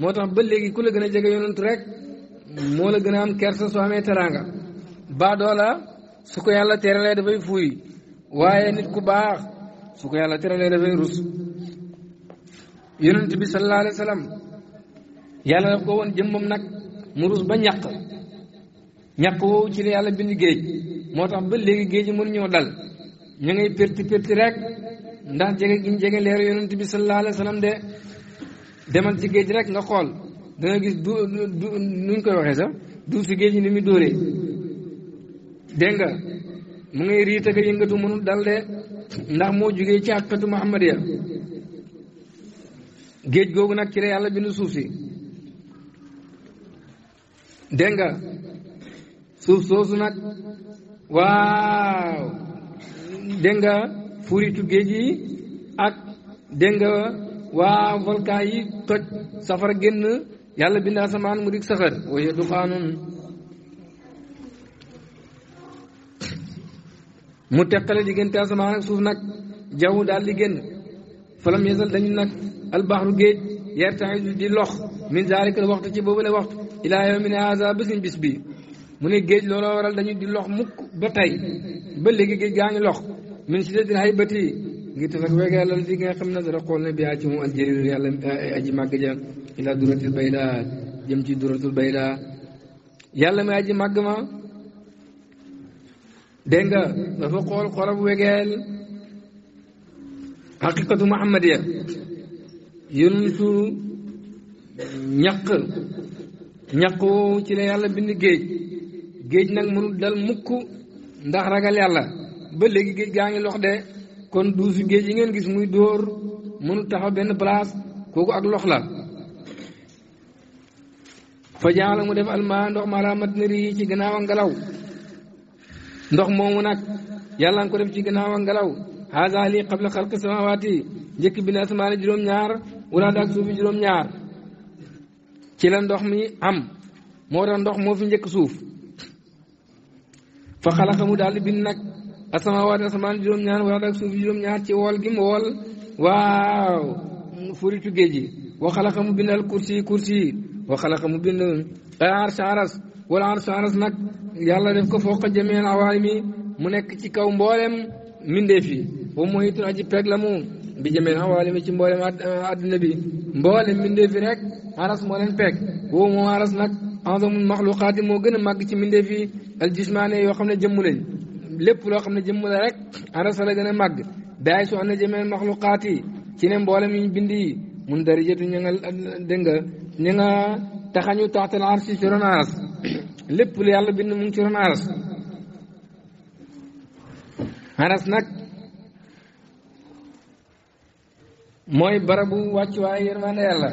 moo tax ba léegi ku la gën a jege yonentu rek moo la gën a am kersa soo amee teraanga la su ko yàlla teralee dafay fuuy waaye nit ku baax su ko yàlla teralee dafay rus yonent bi sallallahu alayhi wa sallam yàlla daf ko woon jëmmam nag mu rus ba ñàq ñàq woowu ci la yàlla bind géej moo tax ba léegi géej yi mënu ñoo dal ñu ngay pérti pérti rek ndax jege gi ñu jege leeru yonent bi sallallahu alayhi wa de demal ci géej rek nga xool danga gis du du nuñ koy waxee sax du si géej gi ni muy dóoree dégg nga mu ngay riit ak yëngatu mënul dal ndax moo jugee ci àqatu Muhammadiya géej googu nag ci la yàlla bindu suuf si dégg nga suuf soosu nag waaw dégg nga furitu géej yi ak dégg nga waa volcan yi toj safara génn yàlla bind asamaan mu dik saxar waye duxaanun mu teqale diggante asamaan ak suuf nag jaww daal di génn falam yesal dañu nag albaxru géej yertaidu di lox min zalika waxtu ci boobule waxtu ilaa yawmina haza bésin bis bi mu ne géej looloo waral dañu di lox mukk ba tey ba léegi géej gaa ngi lox min si dati hay bët yi ngir tefak wegeelal di nga xam ne dara xool na biyaa ci moom aljërilu ci duratul bayda yàlla mi aji màgg ma dégg dafa xool xolab wegeel xaqiqatu muhammadiya yunumtu ñaq ñaqu ci la yàlla bind géej géej nag mënul dal mukk ndax ragal yàlla ba léegi géej gaa ngi lox de kon duusu géej yi ngeen gis muy dóor mënul taxaw benn place kooku ak lox la fa jaala mu def almaa ndox ma alaa matnari ci gannaaw a ngelaw ndox moomu nag yàlla nga ko def ci gannaaw a qabla njëkk bi ne asmaani juróom-ñaar wala suufi juróom-ñaar ci la ndox mi am moo tax ndox moo fi njëkk suuf fa xalaqa mu daal di bind nag asamawaati asamaan juróom-ñaar wala ak suuf juróom-ñaar ci wool gi mu waaw furitu géej wa xalaqa mu al kursi kursi wa xalaqa mu bind arsh aras wala arsh aras nag yàlla def ko fooqa jameen awaay mu nekk ci kaw mboolem mbindeef yi wa mooy tun aji peg mu bi jameen awaay mi ci mboolem àddina mboolem mbindeef rek aras moo peg wow moom aras nag enzamul maxluqaat yi moo gën a màgg ci mbindeef yi al jismaane yoo xam ne jëmm lañ lépp loo xam ne jëmm la rek arasa la gën a màgg daay su ànd jëmee maxluqaat yi ci ne mboolem yi bind yi mun darijatu ña nga dégg ña nga taxañu taxtal arsi ci ron aras lépp lu yàlla bind mu ngi ci ron aras aras nag mooy barabu wàccuwaay yërmande yàlla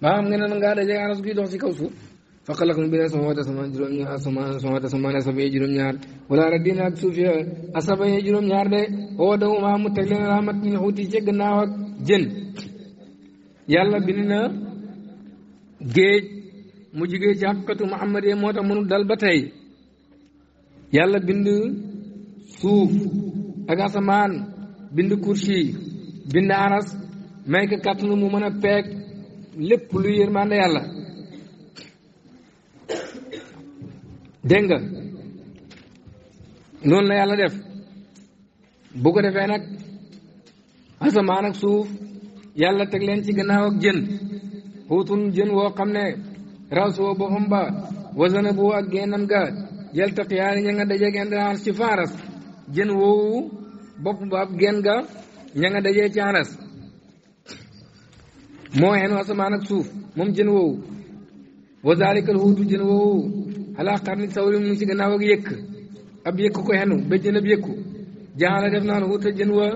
ba xam nga ne ngaa daje aras guy dox si kaw suuf faqalak mu bine sama wata sama juróom-ñaar sama sama ak suuf ya asaba juróom-ñaar de woo daw maa mu teg leen ramat min xuuti ci gannaaw ak jën yàlla bind na géej mu jugee ci ba tey yàlla ak asamaan mu mën a peeg lépp lu yërmande yàlla dégg nga la yàlla def bu ko defee nag asamaan ak suuf yàlla teg leen ci gannaaw ak jën xuutun jën woo xam ne raasuwa boppam ba wasana bu ak génnam ga yaltaq yaari ña nga dajee genn aras ci faaras jën woowu bopp ba genn ga ña nga dajee ci aras moo xenu asamaan ak suuf moom jën woowu wa zalika alhuutu jën woowu ala qarni sawri mu ngi ci gannaaw ak yëkk ab yëkk ko xenu ba jën ab yëkku jaala def naan huuta jën wa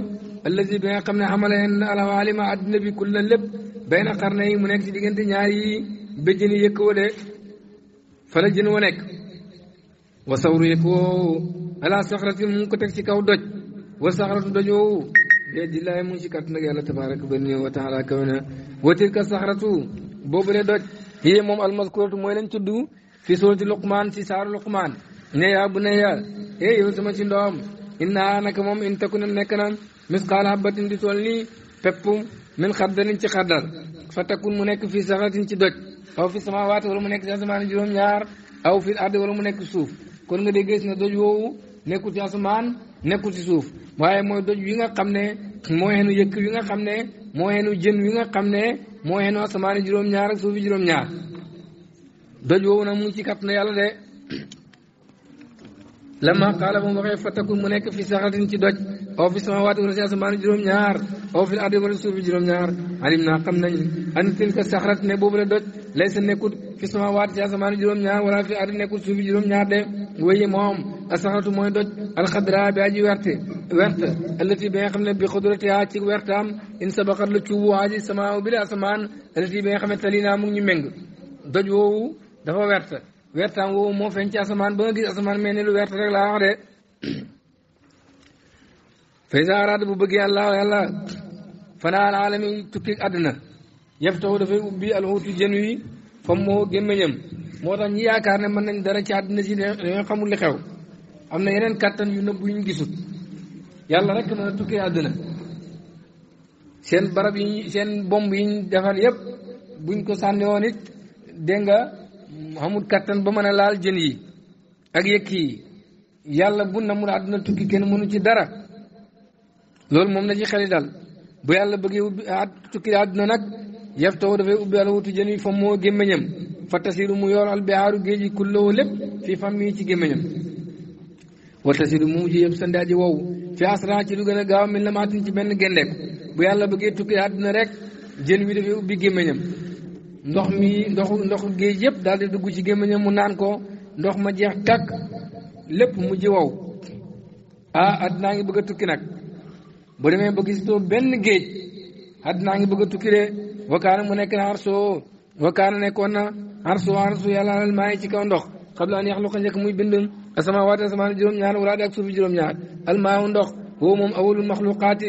allazi bi nga xam ne xamala hen alawaalima adduna bi kul la lépp na qarne yi mu nekk ci diggante ñaar yi ba jën yëkk wa de fa jën wa nekk wa sawru yëkk woowu ala saxratin mu ngi ko teg ci kaw doj wa saxratu doj woowu biyadillaahi mu ngi ci kàttan ak yàlla tabaaraka wa taala kawe na wa tilka saxratu boobule doj hiya moom almaskuratu mooy lañ tudd fi suurati luqmaan si saaru luqmaan ne yaa bu ne yaa eh yow sama ci ndoom inna naka moom in takuna nekk na misqaal habbatin di toll nii pepp min xaddalin ci xaddal fa takun mu nekk fii saxratin ci doj aw fi samaawaati wala mu nekk ci asamaan juróom-ñaar aw fi ardi wala mu nekk suuf kon nga dee na doj woowu nekkul ci asamaan nekkul ci suuf waaye mooy doj wi nga xam ne moo xenu yëkk wi nga xam ne moo xenu jën wi nga xam ne moo xenu asamaan yi juróom-ñaar ak suuf yi juróom-ñaar doj woowu nag mu ci kat na yàlla de lamma qaala ba mu waxee fatakun mu nekk fi saxaratin ci doj aw fi samawaati wala si asamaan juróom-ñaar aw fi ardi wala suuf yi juróom-ñaar alim naa xam nañ an tilka saxarat ne boobu la doj lay sa nekkut fi samawaat ci asamaanu juróom-ñaar wala fi ardi nekkut suufi juróom-ñaar de wéyi moom asaxatu mooy doj alxadra bi aji werte werte bi nga xam ne bi xudratiha ci wertaam in sabaqat la cuubu aji samaaw bi la nga ne tali mu ngi ñu méng doj woowu dafa werte wertaam woowu moo ci asamaan ba nga gis asamaan mel ne rek laa wax de faysa araada bu bëggee yàlla yàlla fanaa tukki àddina yaftahu dafay ubbi alxuutu jën wi fam moo gémmiñam moo tax ñi yaakaar ne mën nañ dara ci àddina si dañoo xamul li xew am na yeneen kàttan yu nëbb yu ñu gisut yàlla rek mën a tukkee àddina seen barab yi seen bomb yi ñu defar yépp buñ ko sànniwoon woon it dégg nga kàttan ba mën a laal jën yi ak yëkk yi yàlla bu namul àdduna tukki kenn mënu ci dara loolu moom na ci xeli dal bu yàlla bëggee ubbi tukki àdduna nag yaf taw dafay ubbi alawutu jën yi fa moo gémméñam fa tasiru mu yor albihaaru géej yi kulloo lépp fii fam mii ci gémméñam wa tasiru mu mujj yëpp sandaa ji wow fi asran ci lu gën a gaaw min lamaatin ci benn gendeeku bu yàlla bëggee tukki àdduna rek jën wi dafay ubbi gémméñam ndox mi ndoxu ndox géej yépp daal di dugg ci gémméñam mu naan ko ndox ma jeex tàkk lépp mujj wow ah àddunaa ngi bëgg a tukki nag bu demee ba gisitoo benn géej àddunaa ngi bëgg wakaana mu nekk na arsoo wakaana nekkoon na arsoo arsoo yàlla alal an yaxluqa njëkk muy bind asamawaati asamaan juróom-ñaar walaade ak suufi juróom-ñaar almaahu ndox woowu moom awalul maxluqaati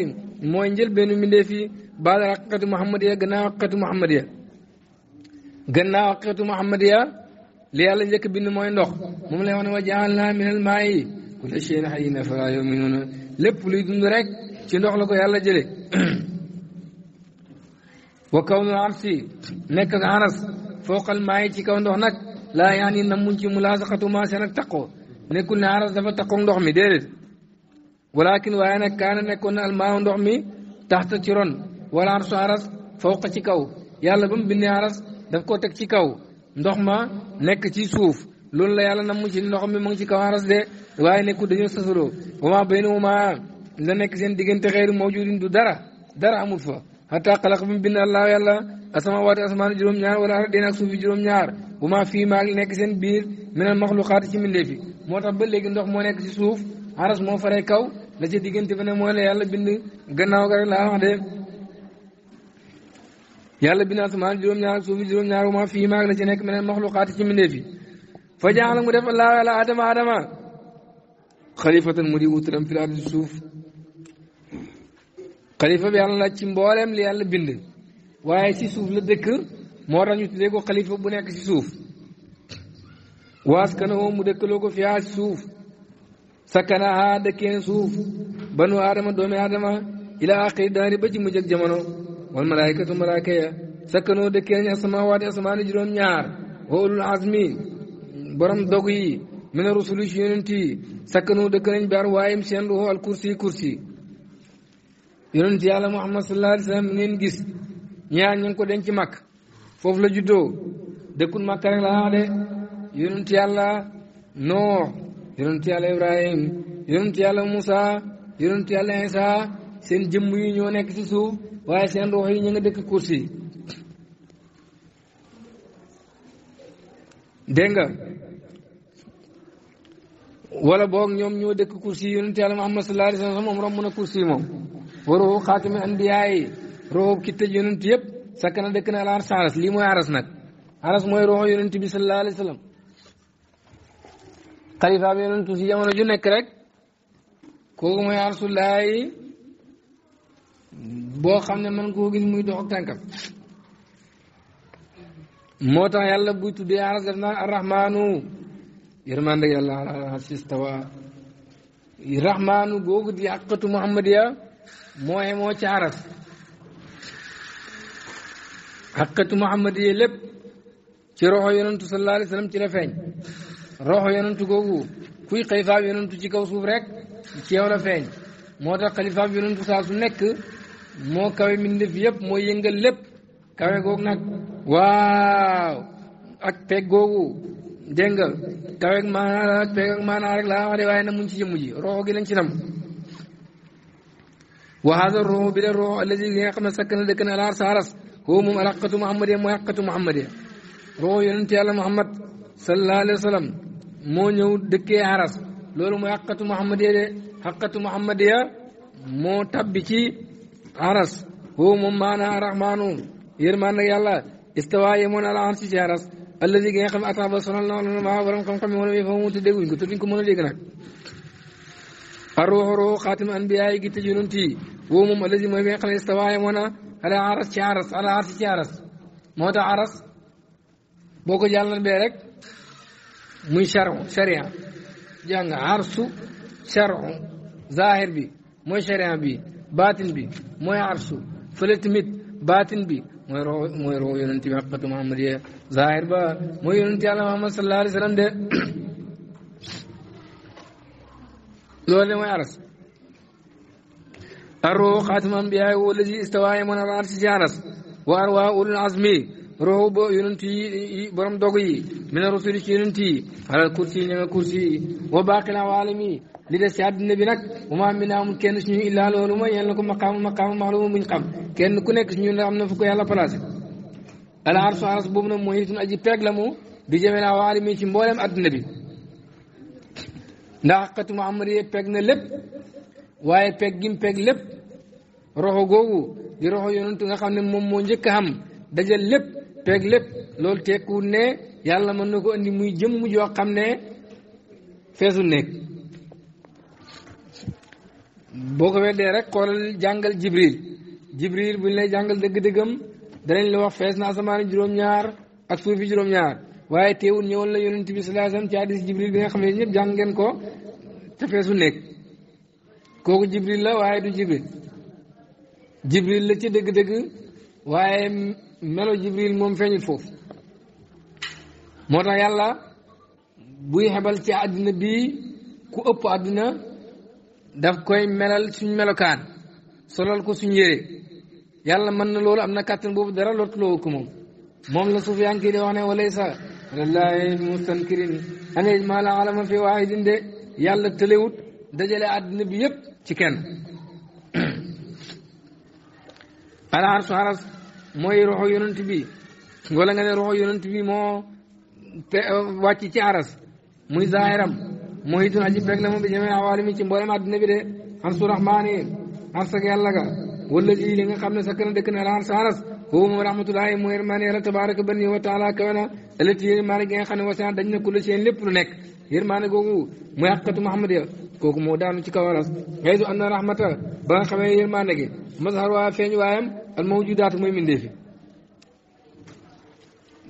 mooy njël benn mbindee fii baada xaqiqatu muhammadiya gannaaw xaqiqatu muhammadiya gannaaw xaqiqatu muhammadiya li yàlla njëkk bind mooy ndox moom lay wax ne wa min al maayi kulla shay'in hayyin afalaa yu'minuun lépp luy dund ci ndox la ko yàlla jëlee wa kawnul arsi nekk ak aras fooqal maayi ci kaw ndox nag laa yaani namuñ ci mulaasaxatu maase nag taqoo nekkul ne aras dafa taqoo ndox mi déedéet walakin waaye nag kaana nekkoon na almaaw ndox mi taxta ci ron wala arsu aras ci kaw yàlla ba mu bindee aras daf koo teg ci kaw ndox ma nekk ci suuf loolu la yàlla namu ci ndox mi mu ngi ci kaw aras nekkul dañoo sasaloo wa maa baynahuma la nekk seen diggante xeeru mawjudin du dara dara amul fa xataa xalaq bi mu bind allah yàlla asamawaati asmaan juróom-ñaar wala ardiin ak suuf yi juróom-ñaar bu maa fii maa ngi nekk seen biir minal maxluqaat ci mbindeef yi moo tax ba léegi ndox moo nekk ci suuf aras moo faree kaw la ca diggante ba ne mooy la yàlla bind gannaaw ga rek laa wax de yàlla bind asmaan juróom-ñaar ak suuf yi juróom-ñaar bu maa fii maa ngi la ca nekk minal maxluqaat ci mbindeef yi fa jaala mu def allah yàlla adama adama xalifatan mu di wutaram fil ardi suuf xalifa bi yàlla la ci mboolem li yàlla bind waaye ci suuf la dëkk moo tax ñu tuddee ko xalifa bu nekk ci suuf waas kana woo mu dëkkaloo ko fiyaa ci suuf sakkanaha dëkkeen suuf banu aadama doomi aadama ilaa aaxiri daari ba ci mujj ak jamono wal malaayikatu malaayika ya sakkanoo dëkkee nañ asamaawaati asamaani juróom ñaar wa ulul azmi borom dog yi mina rusuli yi sakkanoo dëkk nañ bi ar waayim seen ruhu al kursi kursi yonent yàlla muhammad sallallahu alayhi wasallam ngeen gis ñaar ñu ngi ko denc màkk foofu la juddoo dëkkun màkk rek la wax de yonent yàlla noox yonent yàlla ibrahim yonent yàlla musa yonent yàlla isa seen jëmm yi ñoo nekk ci suuf waaye seen ruux yi ñu nga dëkk kursi dégg nga wala boog ñoom ñoo dëkk kursi yonent yàlla muhammad sallallahu alayhi moom romb na kursi moom waroo xaatimi anbiyaa yi roob ki tëj yonent yëpp al arsa aras lii mooy aras nag aras mooy rooxu yonent bi sallallahu alayhi wa sallam xalifa bi yonent si jamono ju nekk rek kooku mooy arsulaay boo xam ne man koo gis muy dox ak moo tax yàlla buy tu aras def naa arrahmaanu yërmande yàlla ala arsi stawa rahmaanu googu di àqatu muhammadiya mooy moo ci xaras xaqatu muhammad yi lépp ci roxo yonantu sallallahu alayhi wasallam ci la feeñ roxo yonantu googu kuy xalifaab yonantu ci kaw suuf rek ci yow feeñ moo tax xalifaab yonantu saa su nekk moo kawe mbindéef yépp moo yëngal lépp kawe googu nag waaw ak peeg googu dégg nga kawe ak maanaa rek laa wax de waaye na muñ ci jëmm ji roxo gi lañ ci nam وهذا الروح بلا الروح الذي يقمن سكن لكن على عرس عرس هو ملقة محمد يا علاقة محمد روح ينتهي على محمد صلى الله عليه وسلم مو نيو دكي عرس لول ملقة محمد يا حقة محمد يا مو تبكي عرس هو ممانا معنى الرحمن يا الله استوى يمون على عرس عرس الذي يقمن أتابع صلى الله عليه وسلم ما كم يقولون يفهمون فهموا تدعون كم من ليك الروح روح خاتم الأنبياء جت جنونتي وهم الذي ما بين خلال استواء وانا على عرس عرس على عرس عرس موت عرس بوكو جالن بيرك من شرع شريعة جانغ عرس شرع ظاهر بي مو شريعة بي باطن بي مو عرس فلتمت باطن بي mooy roo mooy roo yonent bi xaqatu Muhammad yee zahir ba mooy yonent yàlla Muhammad sallallahu alayhi wa sallam de loolu de mooy aras arruuxu xaatimu ambiyaay wa lazi istawaay mën al arsi ci aras wa arwaa ulul azmi ruuxu bo yonent yi borom dog yi mina rusuli ci yonent yi alal kursi yi ñanga kursi yi wa baaqil awaalim yi li des ci àddina bi nag wa maa min amul kenn suñu illaa loolu mooy yàlla na ko maqaamu maqaamu maalumu buñ xam kenn ku nekk suñu am na fu ko aras boobu nag mooy itam aji peeg la mu di jëmee naa awaalim mi ci mboolem àddina bi ndax xaqatu muhammadiya peg na lépp waaye peg gim peg lépp roxo googu di roxo yonentu nga xam ne moom moo njëkk a xam dajal lépp peg lépp loolu tekkuwut ne yàlla mën na ko andi muy jëm jëmm joo xam ne feesu nekk boo ko weddee rek xoolal jàngal jibril bu buñ lay jàngal dëgg-dëggam danañ la wax fees na asamaani juróom-ñaar ak suufi juróom-ñaar waaye teewul ñëwal la yonent bi sallallahu alayhi wasallam ci hadis jibril bi nga xam ne ñëpp jàng ngeen ko tefeesu la waaye du la ci dëgg-dëgg waaye moom feeñut foofu moo tax yàlla buy xebal ci àddina bii ku ëpp àddina daf koy melal suñ melokaan solal ko suñ yére yàlla mën na loolu am na kàttan boobu dara lottuloo ko moom moom la suuf yaa ngi di wax ne walay sa lallaahi mustankirin an ijmaal alama fi de yàlla tëlewut dajale àddina bi yëpp ci kenn alxarsu xaras mooy roxo yonent bi wala nga ne roxo yonent bi moo wàcc ci aras muy zaahiram mooy dun aji fekk la moom bi jamee awaali mi ci mboolem àddina bi de arsu rahmaani arsak yàlla ga wala lii li nga xam ne sakk na dëkk na alxarsu foofu moom rahmatullahi mooy yërmaane yàlla tabaraka bani wa taala kawana ëllëti yërmaane gi nga xam ne dañ na kula seen lépp lu nekk yërmaane googu mooy xaqatu Muhammad ya daanu ci kawaras xëy su am na rahmata ba nga xamee yërmaane gi feeñ waayam al mawjudaat mooy mindee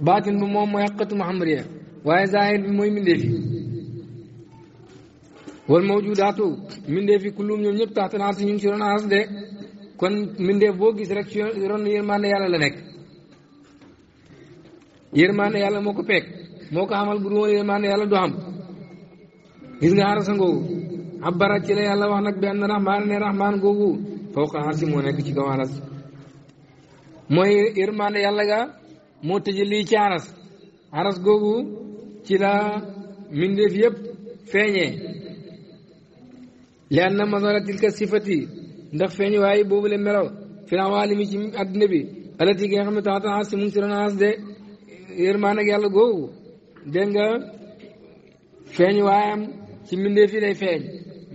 bi moom mooy xaqatu Muhammad ya waaye zahir bi mooy mindee fi wal mawjudaatu mindee kon mbindeef boo gis rek ci ron yërmaande yàlla la nekk yërmaande yàlla moo ko peeg moo ko xamal bu du woon yërmaande yàlla du xam gis nga xarasa ngoogu abbara ci la yàlla wax nag benn raxmaan ne raxmaan googu fawqa arsi moo nekk ci kaw aras mooy yërmaande yàlla ga moo tëje lii ci aras aras googu ci la mbindeef yëpp feeñee li anna masala tilka sifati ndax feeñ waaye boobu la melaw filaawaalimi ci addina bi alati gi nga xam ne taata aas mu ngi si doon aas de yërmaan ak yàlla googu dégg nga feeñ waayam ci mbindeef yi lay feeñ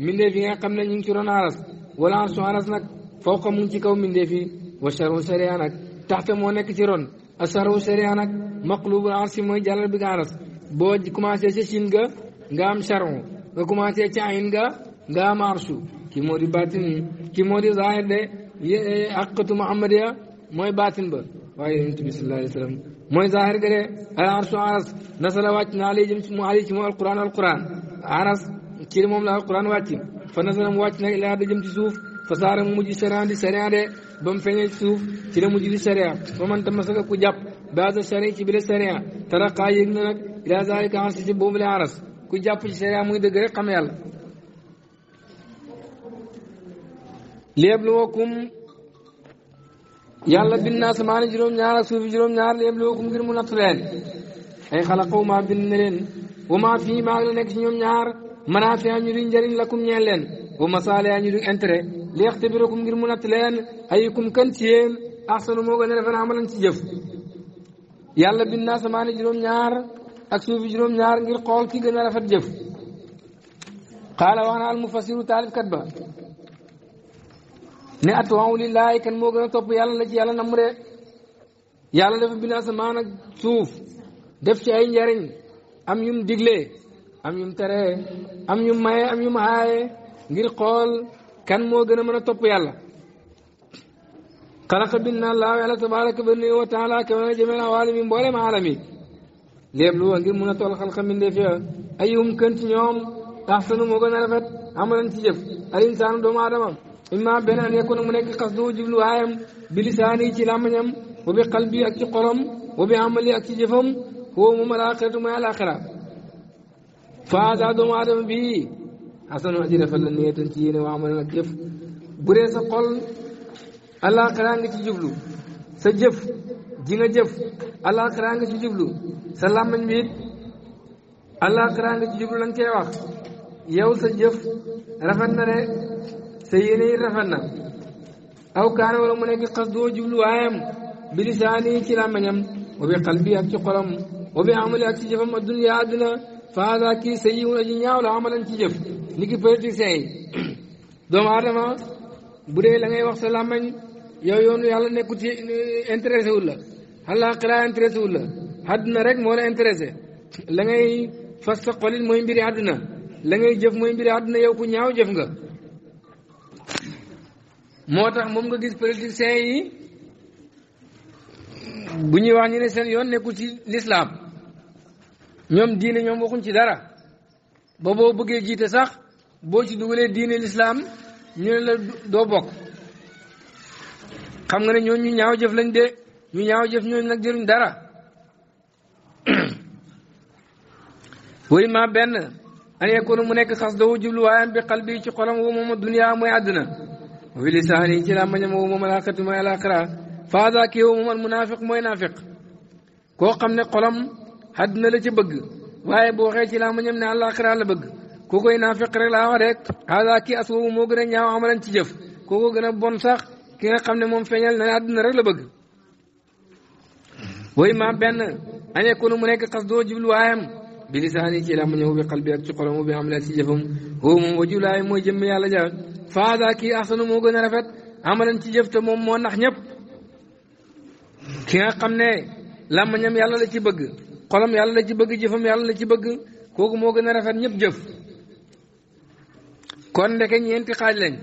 mbindeef yi nga xam ne ñu ngi si doon aas wala aas su aas nag fawqa mu ci kaw mbindeef yi wa charu sharia nag taxta moo nekk ci ron a charu sharia nag maqlubu aas yi mooy jàllal bi nga aas boo commencé ca Chine ga nga am charon nga commencé ca ayin ga nga am arsu kii moo di baatin kii moo di zahir de haqiqatu muhammadiya mooy baatin ba waaye yonent bi sallallahu alayhi wa sallam mooy zahir ga de al arsu aras nasala wàcc na ali jëm ci mu ali ci moom alquran alquran aras ci moom la alquran wàcc fa nasala mu wàcc nag ilaa da jëm ci suuf fa saara mu mujj sariya di sariya de ba mu feeñee ci suuf ci la mujj di sariya fa man tamasaka ku jàpp baasa sariya ci bi la sariya taraqaa yëg na nag ilaa zalika ansi ci boobu la aras ku jàpp ci sariya muy dëgg rek xam yàlla léebluwakum yàlla bind na asamaan juróom-ñaar ak suufi juróom-ñaar léebluwakum ngir mu natt leen ay xalaqaw maa bind leen wa maa fii maa la nekk ci ñoom ñaar manaafi'a ñu di njëriñ lakum ñeel leen wa masaaliha ñu di intérêt li yaxtabirakum ngir mu natt leen ayyukum kan ci yéen ahsanu moo gën a rafet amalan ci jëf yàlla bind na asamaan juróom-ñaar ak suufi juróom-ñaar ngir xool ki gën a rafet jëf qaala wax na al mufassiru taalifkat ba ne atwaaw lillaahi kan moo gën a topp yàlla la ci yàlla namm de yàlla dafa bind asamaan ak suuf def ci ay njariñ am yum digle am yum tere am yum maye am yum haaye ngir xool kan moo gën a mën a topp yàlla xalaqa bind na laaw yàlla tabaraka ba néew wa taala kawe na jëmee naa waala mi mboolem aalam yi lu wa ngir mun a tool xalqa mbindeef ya ayum kën ci ñoom axsanu moo gën a rafet amalan ci jëf al insaanu doomu aadama imma benn an yakuna mu nekk xasdu jubluwaayam bi lisaani ci làmmañam wa bi qalbi ak ci xolam wa bi amali ak ci jëfam huwa moom alaaxiratu aadama bii asanu aji la niyetan ci yéene waa amal ak bu sa xol alaaxira nga ci jublu sa jëf ji nga jëf alaaxira nga ci jublu sa làmmañ bi it alaaxira nga ci jublu la nga cee wax yow sa jëf rafet na de سيني رفنا أو كان ولا منك قصد وجبل وعام بلساني كلام نم وبقلبي أكي قلم وبعمل أكي جفم الدنيا أدنى فهذا كي سيئون أجنيا ولا عمل أنت جف نكي فرد سيئي دوم آرما بره لنغي وقت سلام يو يونو يالا نكوتي انترس أولا هلا قراء انترس أولا حد نرق مولا انترس لنغي فسق قليل مهم بري أدنى لنغي جف مهم بري أدنى يوكو نياو جف نغي moo tax moom nga gis politiciens yi bu ñuy wax ñu ne seen yoon nekkul ci lislaam ñoom diine ñoom waxuñ ci dara ba boo bëggee jiite sax boo ci dugalee diine lislaam ñu ne la doo bokk xam nga ne ñooñu ñu ñaaw jëf lañ de ñu ñaaw jëf ñooñu nag jëruñ dara wéy ma benn an yekoonu mu nekk xas dawu jubluwaayam bi xal bi ci xolam wu moom a duniyaa mooy àdduna wili saani ci laa mañam woo moom alaakati mooy alaakara faada kii woo moom al munaafiq mooy naafiq koo xam ne xolam àddina la ci bëgg waaye boo waxee ci la mañam ne alaakara la bëgg ku koy naafiq rek laa wax rek haada kii aswabu moo gën a ñaaw amalan ci jëf ko gën a bon sax ki nga xam ne moom feeñal na àddina rek la bëgg woy ma benn añee konu mu nekk xas doo jubluwaayam bi lisaani ci làmmiñ bi qalbi ak ci xolam bi amale ci jëfam hoo moom wajulaay mooy jëmm yàlla ja faada kii axsanu moo gën a rafet amalan ci jëf te moom moo nax ñëpp ki nga xam ne lamañam yàlla la ci bëgg xolam yàlla la ci bëgg jëfam yàlla la ci bëgg kooku moo gën a rafet ñëpp jëf kon ndeke ñeenti xaaj lañ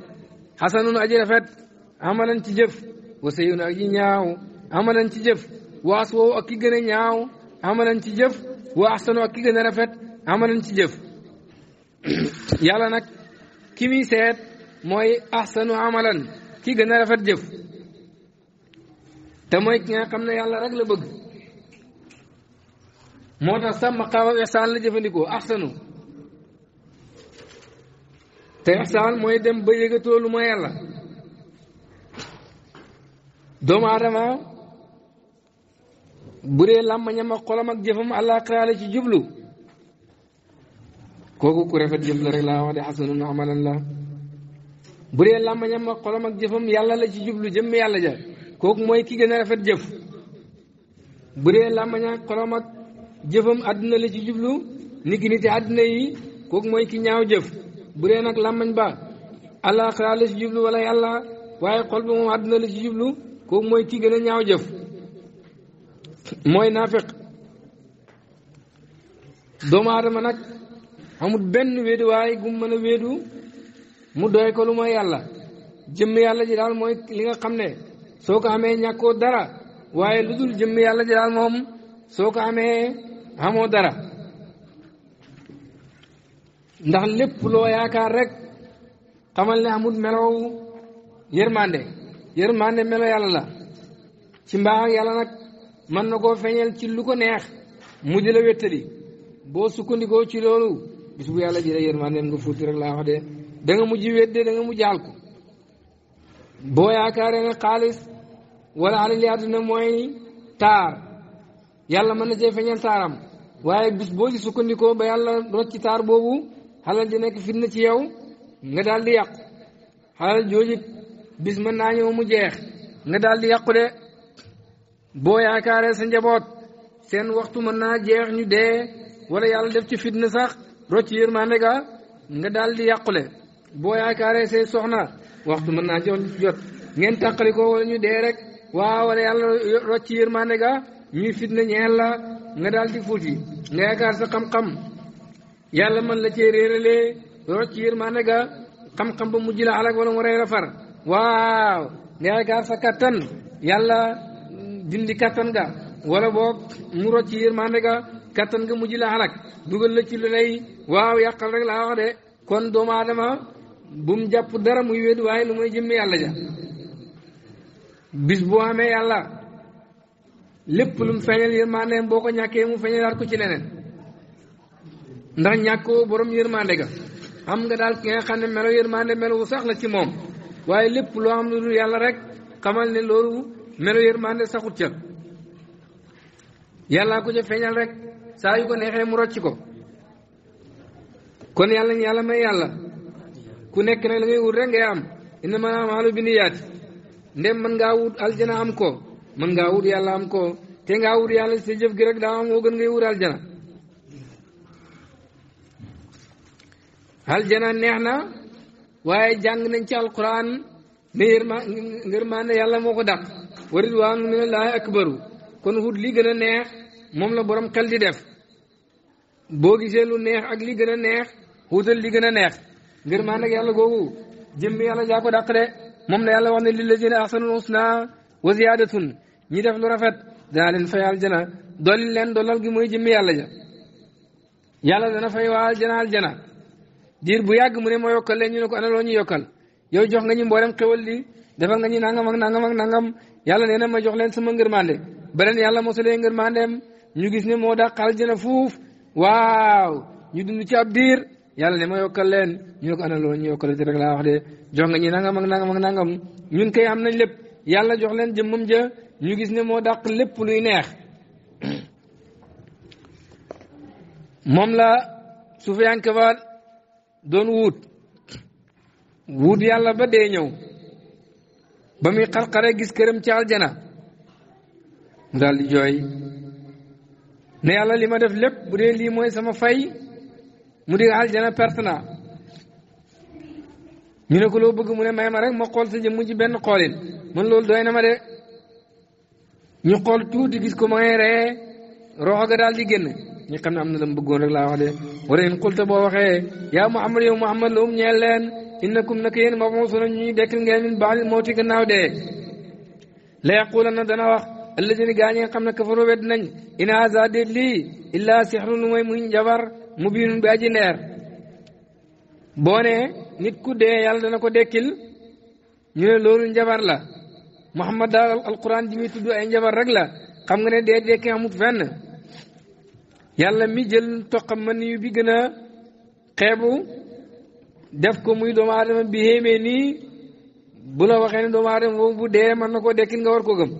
xasanun aji rafet amalan ci jëf wa sayun ak ji ñaaw amalan ci jëf waas woowu ak ki gën a ñaaw amalan ci jëf wa axsanu ak ki gën a rafet amalan ci jëf yàlla nag ki muy seet mooy axsanu amalan ki gën a rafet jëf te mooy ki nga xam ne yàlla rek la bëgg moo tax sax maqaama ihsaan la jëfandikoo axsanu te ihsaan mooy dem ba yëgatoo lu ma yàlla doomu aadama bu dee làmbañam ak xolam ak jëfam allah xiraale ci kooku ku rafet jëf la rek laa de xasanun amalan la ak jëfam yàlla la ci jublu jëmm yàlla ja kooku mooy ki gën a rafet jëf bu dee làmmañam ak xolam ak jëfam àdduna la ci jublu nit ki nit yi àdduna yi kooku mooy ki ñaaw jëf bu dee nag làmbañ ba allah xiraale ci jublu wala yàlla waaye xol ba moom àdduna la ci jublu kooku mooy ki gën a ñaaw jëf mooy naafiq doomu aadama nag amul benn wéedu waaye gu mën a mu doy ko lu mooy yàlla jëmm yàlla ji daal mooy li nga xam ne soo ko amee ñàkkoo dara waaye lu dul jëmm yàlla ji daal moom soo ko amee xamoo dara ndax lépp loo yaakaar rek xamal ne amul melow yërmande yërmande melo yàlla la ci mbaax yàlla nag mën na koo feeñal ci lu ko neex mu di la wéttali boo sukkandikoo ci loolu bis bu yàlla jëlee yërmandeem nga fuuti rek laa wax de danga mujj wedde da nga mujj jaal boo yaakaaree ne xaalis wala alal li àdduna mooy taar yàlla mën na cee feeñal taaram waaye sukkandikoo ba yàlla rocc ci taar boobu xalal di nekk fitna ci yow nga daal di yàqu xalal jooju bis mën naa ñëw mu jeex nga daal yàqu de. boo yaakaaree sa njaboot seen waxtu mën naa jeex ñu dee wala yàlla def ci fitna sax rocc yërmande ga nga daldi yàqule boo yaakaaree say soxna waxtu mën naa jot ngeen tàqali ko wala ñu dee rek waaw wala yàlla rocc yërmande ga ñuy fitna ñeel la nga daal di fuuti nga yaakaar sa xam-xam yàlla mën na cee réeralee rocc yërmande ga xam-xam ba mujj la alag wala ma rey la waaw nga yaakaar sa kattan yàlla. dindi kattan ga wala boo mu rocc yërmande ga kattan ga mujj la xalak dugal la ci lu lay waaw yàqal rek la wax de kon doomu aadama bu jàpp dara muy wéet waaye lu muy jëmmi yàlla ja bis boo amee yàlla lépp lu mu feeñal yërmandeem boo ko ñàkkee mu feeñalaat ko ci leneen ndax ñàkk ñàkkoo boroom yërmande ga am nga daal ki nga xam ne melo yërmande melo sax la ci moom waaye lépp loo xam ne du yàlla rek xamal ne loolu melo yërmande saxut ca yàllaa ko ca feeñal rek saa ko neexee mu rocc ko kon yàlla yàlla may yàlla ku nekk nag la ngay wut rek ngay am innama al-a'maalu binniyaati ndem mën ngaa wut aljana am ko mën nga wut yàlla am ko te ngaa wut yàlla si jëf gi rek daa am moo gën ngay wut aljana aljana neex na waaye jàng nañ ci alquran ne yërma yàlla moo ko dàq wa ridwaanu min allaahi akbaru kon wut li gën a neex moom la borom xel di def boo gisee lu neex ak li gën a neex wutal li gën a neex ngir maa nag yàlla googu jëmbi yàlla jaa ko dàq de moom la yàlla wax ne lillazina ahsanul husna wa def lu rafet danaa leen fay aljana dolli leen dolal gi mooy jëmmi yàlla ja yàlla dana fay waa aljana aljana diir bu yàgg mu ne ma yokkal leen ñu ne ko ana loo ñu yokkal yow jox nga ñu mboolem xéwal li defal nga ñu nangam ak nangam yàlla nee na ma joxleen leen sama ngërmande beneen yàlla mosalee ngërmandeem ñu gis ne moo dàq aljana fuuf waaw ñu dund ci ab diir yàlla ne ma yokkal leen ñu ne ko ana loolu laa wax de jox nga ñi nangam ak nangam ak nangam ñun kay am na lépp yàlla jox leen jëmmam ja ñu gis ne moo dàq lépp luy neex moom la Sufyaan Kafa doon wuut wuut yàlla ba dee ba muy xarxare gis këram ci aljana mu daal di jooy ne yàlla li ma def lépp bu dee lii mooy sama fay mu di aljana perte naa ñu ne ko loo bëgg mu ne may ma rek ma xool sa jëmm ci benn xoolin man loolu doy na de ñu xool tuuti gis ko ma ngay ree roxo ga daal di génn ñu xam ne am na la mu bëggoon rek laa wax de wala in xulta boo waxee yaa Muhammad yow Muhammad la um ñeel leen innakum nak yéen na ñuy dekkal ngeen min baadi mawti gannaaw dee la yaqulanna dana wax alladina gaa ñi nga xam ne kafaru wedd nañ in haza déet lii illaa sixrun lu mooy muy njabar mubiinun bi aji leer boo ne nit ku dee yàlla dana ko dekkil ñu ne loolu njabar la Muhammad daal alquran ji muy tudd ay njabar rek la xam nga ne dee dekki amut fenn yàlla mi jël toqam ma niyu bi gën a xeebu def ko muy doomu aadama bi xéemee nii bu la waxee ne doomu aadama boobu bu dee mën na koo dekkil nga war ko gëm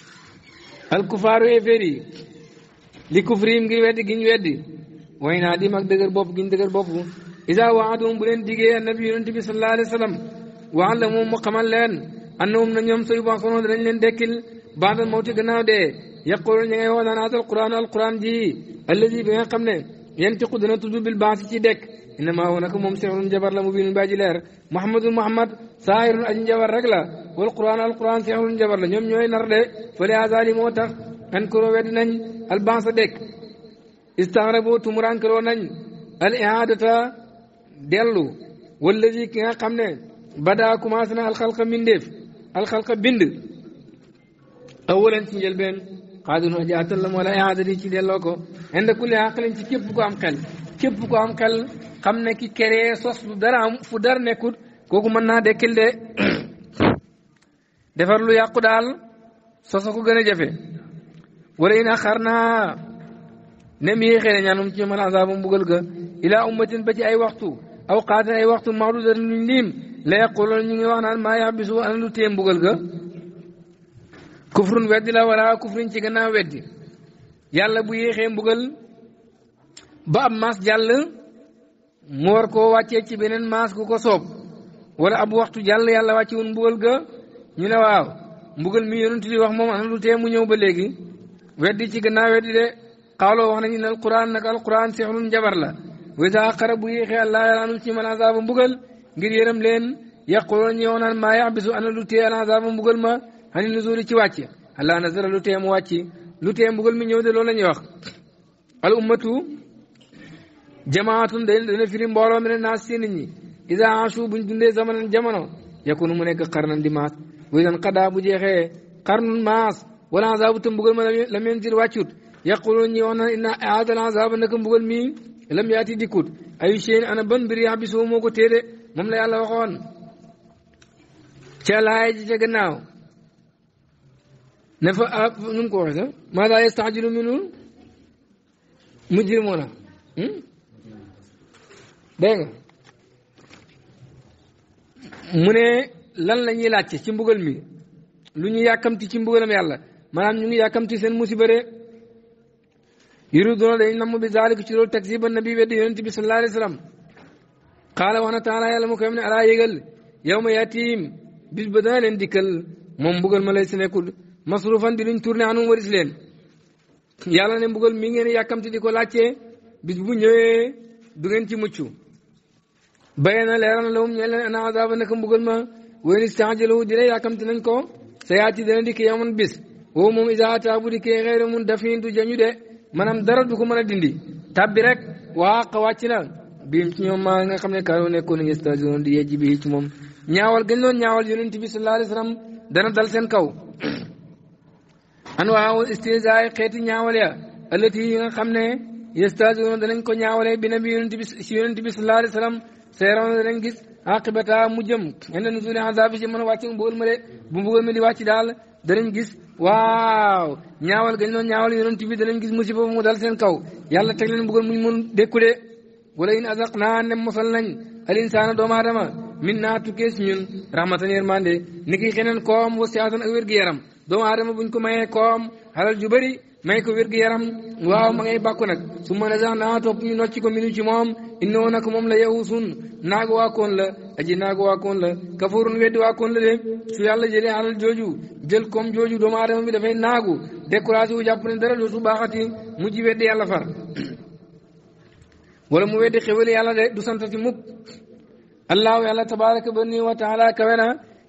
alkufaaru éféer yi li kufriim ngir weddi giñ weddi way naa dim ak dëgër bopp giñ dëgër bopp isa waadum bu leen digee annabi yonente bi sallallahu alayhi wa sallam waan la moom mu xamal leen annahum na ñoom sayu bansono danañ leen dekkil baadal mawti gannaaw dee yaqulun ña ngay wax naan haatal quran alquran ji alladi bi nga xam ne yantiqu dana tudd bil baasi ci dekk innama woo nag moom sixrun jabar la mu biinun baaji leer muhammadun muhammad saahirun aji njabar rek la wal quran al quran sixrun jabar la ñoom ñooy nar de fële azali moo tax an koroo weddi nañ al bansa dekk istaxrabo tumurankeloo nañ al ihaadata dellu wallazi ki nga xam ne badaa commencé na alxalqa mbindeef alxalqa bind awalan ci njëlbeen xaadunoo jaatal la moo la ihaadati ci delloo ko inde kulli xaqalin ci képp ko am xel képp ko am xel xam ne ki keree sos lu dara am fu dara nekkut kooku mën naa dekkil de defar lu yàqu daal soso ko gën a jafe wala ina xar naa nem yéexee ne ñaanum ci man azaaba mbugal ga ilaa ummatin ba ci ay waxtu aw xaatin ay waxtu maalu dara luñ liim la yaquloo ñu ngi wax naan maa yàbbisu ana lu téye mbugal ga kufrun weddi la wala kufrun ci gannaaw weddi yàlla bu yéexee mbugal ba ab maas jàll mu war koo wàccee ci beneen mas gu ko soob wala ab waxtu jàll yàlla wàcce woon mbugal ga ñu ne waaw mbugal mi yonent di wax moom ana lu tee mu ñëw ba léegi weddi ci gannaaw weddi de xaaloo wax na ñu ne alquran naka alquran seexlun njabar la wisa xara bu yéexee allah yàlla anul ci man azaaba mbugal ngir yërëm leen yàquloo ñu yow naan maa yax bisu ana lu tee an azaaba mbugal ma xani nuzuli ci wàcc allah nazara lu teem wàcc lu teem mbugal mi ñëw de loolu la ñuy wax al ummatu jamaatun day dana firi mbooloo naas si nit ñi isa ansu buñ dundee zamanan jamono yakunu mu nekk xarnan di maas buy dan xadaa bu jeexee xarnun maas wala azabu te mbugal ma lam yanzil wàccut yaqulun ñi na inna aada al mi lam yaati dikkut ayu seen ana ban mbir yaa bisoo ko téere moom la yàlla waxoon ca laay ji ca gannaaw ne fa ah nu ko waxee sax maa hmm? daa mu ne lan la ñuy laajte ci mbugal mi lu ñu yàkkamti ci mbugalam yàlla maanaam ñu ngi yàkkamti seen musiba de yuriduna dañ namm bi zaalik ci loolu takziba nabi weddi yonente bi sallallahu alayhi wa qaala wax na taala yàlla mu koy am ne alaa yëgal yow ma bis ba leen dikkal moom mbugal ma lay si nekkul masrufan dinañ tourné anum waris leen yàlla ne mbugal mi ngeen yàkkamti di ko laajte bis bu ñëwee du ngeen ci mucc bayee na leeral na lawum ñe leen ana azaba naka mbugal ma wéy ni stenjalowu dina yàkkamti nañ ko sa yaati dana dikk yamoon bis woowu moom isaata bu dikkee xëy mun dafin du jañu de maanaam dara du ko mën a dindi tabbi waa waaqa wàcc na biim ci ñoom maa nga xam ne kaaroo nekkoon nañu station di yejji bi ci moom ñaawal gën loon ñaawal yonent seen kaw an waaw istizaay xeeti ñaawal ya allati yi nga xam ne yestaasiyoona danañ ko ñaawale bi nabi yonent bi si yonent bi sallallahu alayhi wa sallam seeroon danañ gis mu jëm enda nuzuli azabi si mën a wàcc mbugal ma de bu mbugal ma di wàcc daal danañ gis waaw ñaawal gañ noon ñaawal yonent bi danañ gis musiba mu dal seen kaw yàlla teg leen mbugal muñ mun dékku de wala in azaq naa ne mosal nañ al insaana doomu aadama min naa tukkee si ñun rahmatan yërmande ni ki xeneen koom wasiatan ak wér-gu-yaram doomu adama buñ ko mayee koom alal ju bëri ko wér gu yaram waaw ma ngay bàkku nag su ma ne sax naa topp ñu nocci ko minu moom innoo nag moom la yeewu sun naagu waakoon la aji naagu waakoon la kafoorun weddi waakoon la de su yàlla jëlee alal jooju jël koom jooju doomu aadama bi dafay naagu découragé wu jàpp ne dara doo su baaxati mujj weddi yàlla far wala mu weddi xewali yàlla de du santati mukk allahu yàlla tabaraka ba wa taala kawe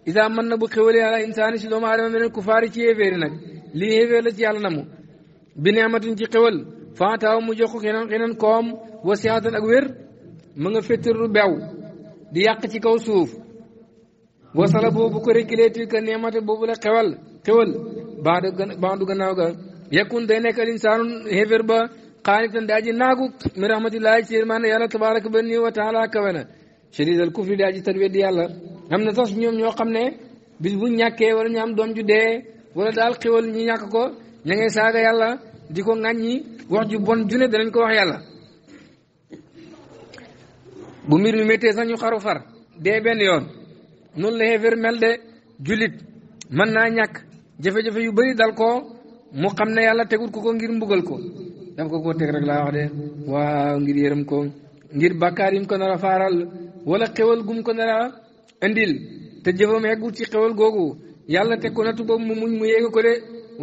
isa mën na bu xéwalee ala insaani si doomu aadama beneen ku ci yéeféeri nag lii la ci yàlla na mu bi neematin ci xéwal faataaw mu jox ko keneen keneen koom wasiyaatan ak wér mu nga féttirlu bew di yàq ci kaw suuf wasala boobu bu ko réclé tuuti que neemate boobu la xewal xewal baadu gannaaw ga yakun day nekk al insaanu yéeféer ba xaanitan daa ji naagu mi rahmatullahi ci yërmaande yàlla tabaraka ba nii wa taala kawe na shadidal kufri daa ji tat yàlla am na sax ñoom ñoo xam ne bis bu ñàkkee wala ñu am doom ju dee wala ñàkk ko ña ngay yàlla di ko ŋàññi wax ju bon ju ne ko wax yàlla bu mbir mi méttee sax ñu xaru far benn yoon noonu la xeeféer mën naa ñàkk jafe yu bëri dal ko mu xam ne yàlla tegul ko ko ngir mbugal ko daf ko koo teg rek laa wax de waaw ngir yërëm ko ngir bàkkaar yi mu a faaral wala xewal gum ko nara andil te jëfam eggul ci xewal googu yàlla teg ko natu boobu mu muñ mu yéega ko de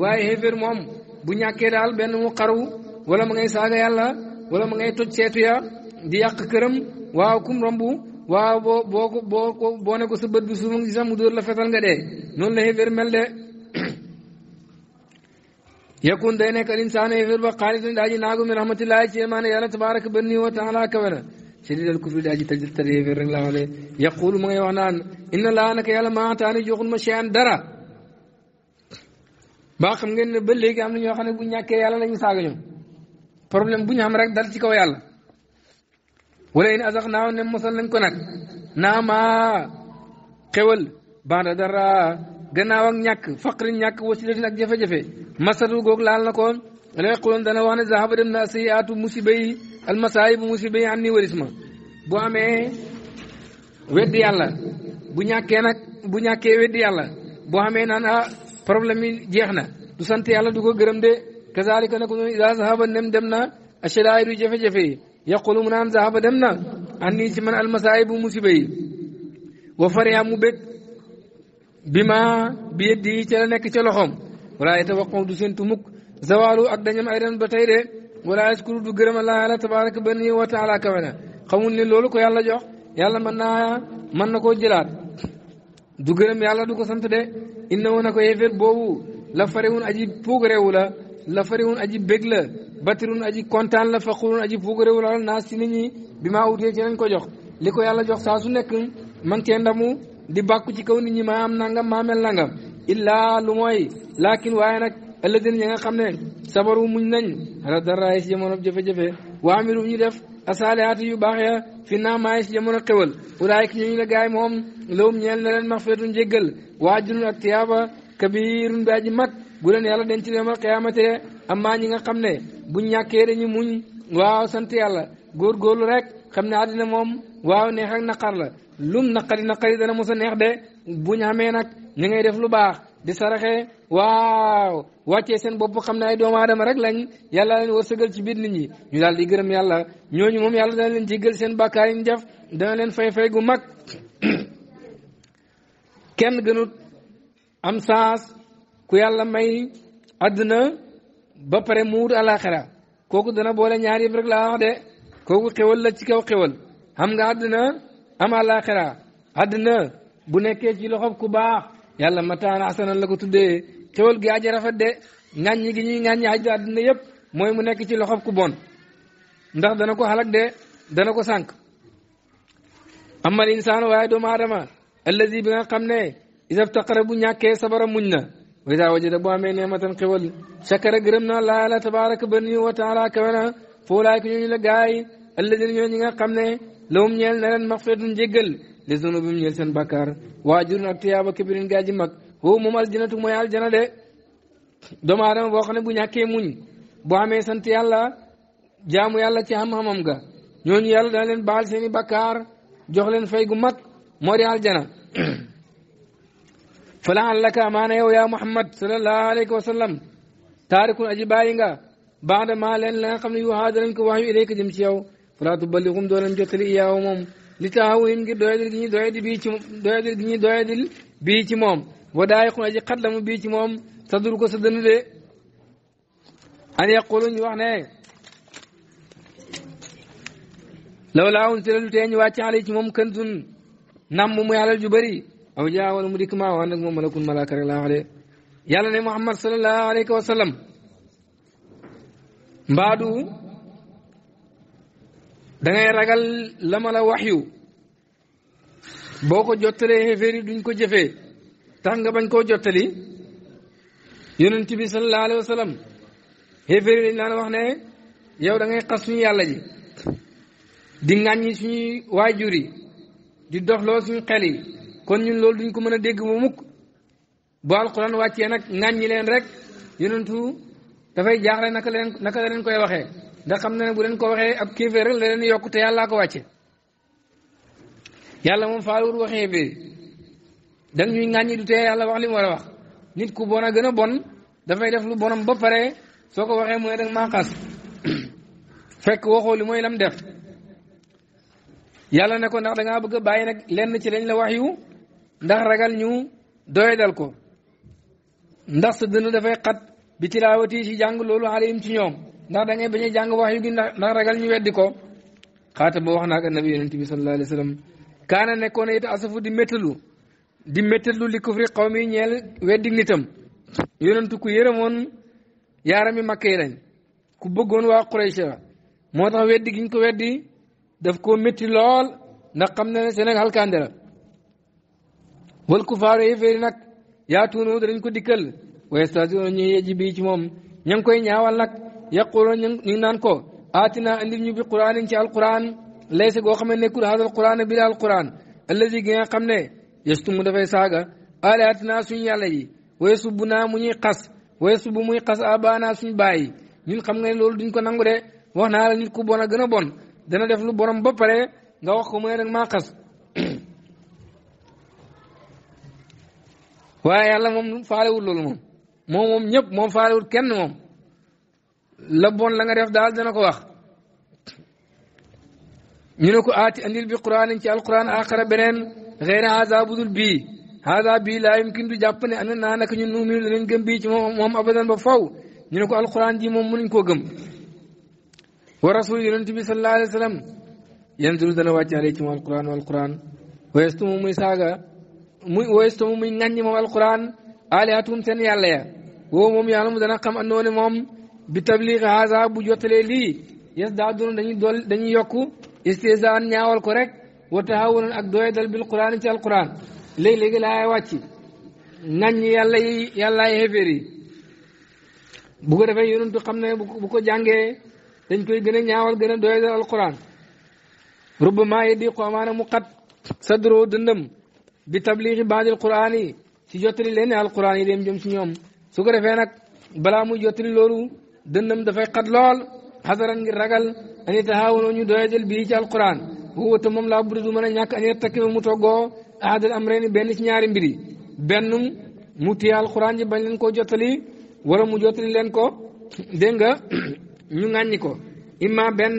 waaye xéeféer moom bu ñàkkee daal benn mu xaru wala ma ngay saaga yàlla wala ma ngay toj seetu ya di yàq këram waaw kum romb waaw boo boo ko boo ko boo ne ko sa bët bi suufa ngi sax mu dóor la fetal nga dee noonu la xéeféer mel de yakun day nekk al insaan xéeféer ba xaalitan daa ji naagu min rahmatillahi ci yemaane yàlla tabaraka ba nii wa taala kawe na ci di dal kufri daa ji tajil taryéefé rek laa wala yaqulu ma ngay wax naan inna laa naka yàlla maataani ma cheyan dara ba xam ngeen ne ba léegi am na ñoo xam ne bu ñàkkee yàlla lañu saaga ñoom problème bu ñu xam rek dal ci kaw yàlla wala in asax naaw ne mosal nañ ko nag naa ma xewal banda dara gannaaw ak ñàkk faqri ñàkk wasi latin ak jafe-jafe masatu goog laal na ko la yaquloon dana wax ne zahaba dem na sayiatu musiba yi almasaayib musiba yi an ni waris ma bu amee weddi yàlla bu ñàkkee nag bu ñàkkee weddi yàlla boo amee naan a ah, problème yi jeex na du sant yàlla du ko gërëm de kazalika nako noonu ida zahaba nem dem na ashadaidu jafe-jafe yi yaqulu mu naan zahaba dem na an nii ci man almasaayibu musiba yi wa fariya mu bég bi ma bi yeddi ca la nekk ca loxoom wala yata waqon du seentu mukk zawaalu ak dañam ay ren ba tey de wala yaskuru du gërëm allah ala tabaraka bani wa taala kawe na xamul ni loolu ko yàlla jox yàlla mën naa mën na koo jëlaat du gërëm yàlla du ko sant de inna woon na ko yéeféer boobu la fariwun aji puugarewu la la fariwun aji bég la batirun aji kontaan la fa faqurun aji puugarewu la naas ci nit ñi bi maa utee ci lañ ko jox li ko yàlla jox saa su nekk man cee ndamu di bàkku ci kaw nit ñi maa am nangam maa mel nangam illaa lu mooy laakin alladina ña nga xam ne sabaru muñ nañ ala daraay si jamono jafe-jafe waa amilu ñu def asaalihaati yu baax ya fi naamaay si jamono xewal ñu ñooñu la gaay moom lawum ñeel na leen maxfiratun njéggal wa ajrun a tiyaaba kabirun bi aji mag bu leen yàlla denc demal qiyaamate amaa ñi nga xam ne buñ ñàkkee dañu muñ waaw sant yàlla góorgóorlu rek xam ne àddina moom waaw neex ak naqar la lum naqari naqari dana mos a neex de buñ amee nag ñu ngay def lu baax di saraxe waaw wàccee seen bopp xam naa ay doom adama rek lañ yàlla leen wërsëgal ci biir nit ñi ñu daal di gërëm yàlla ñooñu moom yàlla dana leen jéggal seen bàkkaar yi ñu dana leen fay-fay gu mag kenn gënut am saas ku yàlla may àdduna ba pare mu wut alaxira kooku dana boole ñaar yëpp rek laa wax de kooku xewal la ci kaw xewal xam nga àdduna am alaxira àdduna bu nekkee ci loxob ku baax yàlla mataan asanan la ko tuddee xéwal gi aji rafet de ŋàññi gi ñuy ŋàññi aju àdduna yëpp mooy mu nekk ci loxob ku bon ndax dana ko xalak de dana ko sànq amal insaan waaye doomu aadama allazi bi nga xam ne isaftaqara bu ñàkkee sabara muñ na wa isa wajada bu amee neematan xéwal chakara gërëm na laa yàlla tabaraka bani wa taala kawe na foo laay ko ñooñu la gaay allazina ñoo ñi nga xam ne lawum ñeel na leen maxfiratun jéggal li zone bi mu ñeel seen bakkaar waajur nag tiyaaba kibirin gaa ji mag wow moom aljanatu mooy de doomu aadama boo xam ne bu ñàkkee muñ boo amee sant yàlla jaamu yàlla ci xam-xamam ga ñooñu yàlla dana leen baal seen i jox leen fay gu mag moo di aljana falan laka maana yow yaa muhammad sallallahu alayhi wa sallam taarikun aji bàyyi nga baada maa leen la nga xam ne yu ko wax yu ilayka iyaaw moom li taxawu in ngir doyadil gi doyadil bii ci ci moom wadaay xuna ji xat la ci moom saduru ko sa dënn de an yaqulu ñu wax ne law laa un si la lu tee ñu wàcc xale ci moom këntun nam mu muy alal ju bëri aw mu dikk maa wax nag malakun malaaka rek laa wax muhammad sallallahu alayhi wa sallam dangay ragal la ma la wax yu boo ko jottalee xéeféer yi duñ ko jëfee tax nga bañ koo jottali yonent bi sallallahu alayhi wa sallam xéeféer yi wax ne yow da ngay xas suñu yàlla ji di ŋàññi suñuy waajur yi di dox lool suñu xel yi kon ñun loolu duñ ko mën a dégg ba mukk bu alquran wàccee nag ŋàññi leen rek yonentu dafay jaaxle naka leen naka la leen koy waxee ndax xam na ne bu leen ko waxee ak kéeféer rek la leen yokk te yàllaa ko wàcce yàlla moom faaluwut yàlla wax li war a wax nit ku bon a gën a bon dafay def lu bonam ba pare soo ko waxee mu ne dag maa xas fekk waxoo li mooy lam def yàlla ne ko ndax dangaa bëgg a bàyyi nag lenn ci lañ la wax yu ndax ragal ñu doyadal ko ndax sa dënn dafay xat bi tilaawati ci jàng loolu alayhim ci ñoom ndax da ngay bañ jàng wax yu gi ndax ragal ñu weddi ko xaata ba wax naa ko nabi yonent bi sallallahu alayhi wa sallam kaana nekkoon asafu di méttalu di méttalu li kufri xaw mi ñeel weddi nitam yonentu ku yërëmoon yaarami makka yi lañ ku bëggoon waa Quraysh moo tax weddi giñ ko weddi daf ko métti lool ndax xam na ne seen alkande la wal kufaar yi féeri nag yaatuunu danañ ko dikkal waaye station ñuy yejji bii ci moom ña koy ñaawal nag yaquluna ñu naan ko aatina andil ñu bi quraanin ci alquran laysa goo xam ne nekkul hadal quran bi la alquran allazi gi nga xam ne yestu mu dafay saaga alaatina suñ yàlla yi waye subbu naa mu ñuy xas waye subbu muy xas abaana suñu bàyyi ñun xam nga ne loolu duñ ko nangu de wax naa la nit ku bon a gën a bon dana def lu borom ba pare nga wax ko mu ne rek maa xas waaye yàlla moom faalewul loolu moom moom moom ñëpp moom faalewul kenn moom la bon la def daal dana ko wax ñu ne ko aati andil bi quraan ci alquran aaxara beneen xeyra haza budul bi haza bi laa yumkin du jàpp ne ana naa naka ñun nuuminu danañ gëm bii ci moom moom abadan ba faw ñu ne ko alquran ji moom mënuñ koo gëm wa rasul yonent bi bi dana wàcc ci moom alquran walquran wayestu mu muy saaga muy wayestu mu muy ŋàññi moom alquran alihatum seen yàlla ya woo moom yàlla mu dana xam moom bi tabliq haza bu jottalee lii yes daa doon dañuy dool dañuy yokk istizaan ñaawal ko rek wa tahawunan ak doyadal bil quraan ci alquran léegi-léegi laay wàcc nañ yàlla yi yàllaay xéeféer yi bu ko defee yonentu xam na bu ko jàngee dañ koy gën a ñaawal gën a doyadal alquran rubbama yadiqu amaana mu xat sadro dëndam bi tabliqi baadil quraan yi si jottali leen ne alquran yi dem jom si ñoom su ko defee nag balaa jottali loolu dënnam dafay xat lool xasaran ngir ragal ani taxaawunoo ñu doyadal bii ci alquran huwa te moom laa buddu du mën a ñàkk an yattakifa mu toggoo ahadal amrayni benn ci ñaari mbiri benn mu téye alquran ji bañ leen koo jottali wala mu jottali leen ko dégg nga ñu ŋàññi ko imma benn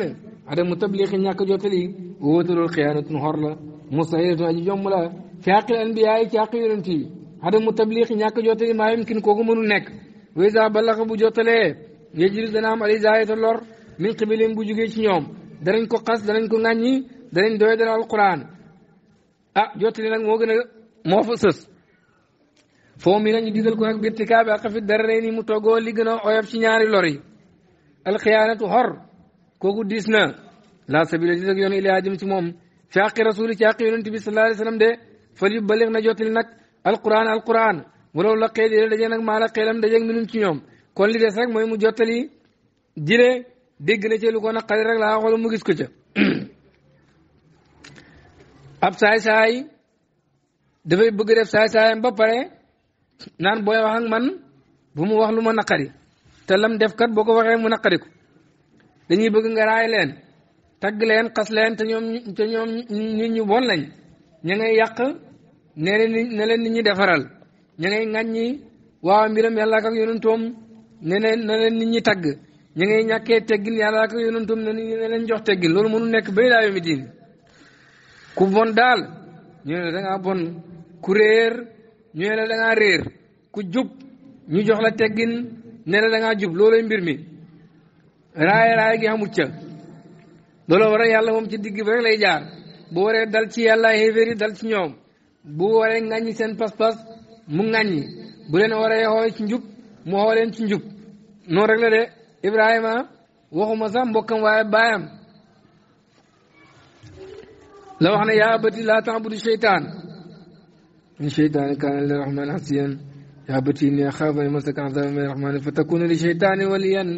adamu tabliqi ñàkk jottali huwa te loolu xiyaanatun xor la mustahilatun aji jomb la ci xaqil anbiyaa yi ci xaqi yonent yi adamu tabliqi ñàkk jottali maa yumkin ko mënul nekk wa bu jottalee yejlis dana am alisaayata lor min qibilim bu jugee ci ñoom danañ ko xas danañ ko ŋàññi danañ doy dana alquran ah jottali nag moo gën a moo fa sës foo mi nañu digal ko nag birtikaa bi ak xafit dara rey ni mu toggoo li gën a oyof ci ñaari lor yi alxiyaanatu xor kooku diis na laa sabila di dag yoon ilaa jëm ci moom fi àqi rasuli ci àqi yonent bi sallallahu alayhi wasallam de fal yu balix na jottali nag alquran alquran walaw laqee di dajee nag maa la xeelam dajeeg minum ci ñoom kon li des rek mooy mu jottali jile dégg na ci lu ko naqari rek laa xool mu gis ko ca ab saay saay dafay bëgg def saay saayam ba pare naan booy wax ak man bu mu wax lu ma naqari te lam def kat boo ko waxee mu naqari ko dañuy bëgg nga raay leen tagg leen xas leen te ñoom te ñoom nit ñu bon lañ ña ngay yàq ne ne leen nit ñi defaral ña ngay ŋàññi waaw mbiram yàlla ak ak ne ni na leen ñi tagg ñu ngay ñàkkee teggin yàlla ko yonentum ne ne jox teggin loolu mënu nekk bay laa yomi diin ku bon daal ñu ne la da ngaa bon ku réer ñu ne la réer ku jub ñu jox la teggin ne la jub loolay mbir mi raaya raaya gi amut ca looloo waral yàlla moom ci digg bi rek lay jaar bu waree dal ci yàlla xéeféer dal ci ñoom bu waree ŋàññi seen pas-pas mu ŋàññi bu leen waree xooy ci njub mu xoo ci njub noonu rek la de Ibrahima waxuma sax mbokkam waaye baayam la wax ne yaa abati laa taabudu seytaan in seytaan kaana li rahmaani asiyan yaa abati inni axaafu an li seytaani waliyan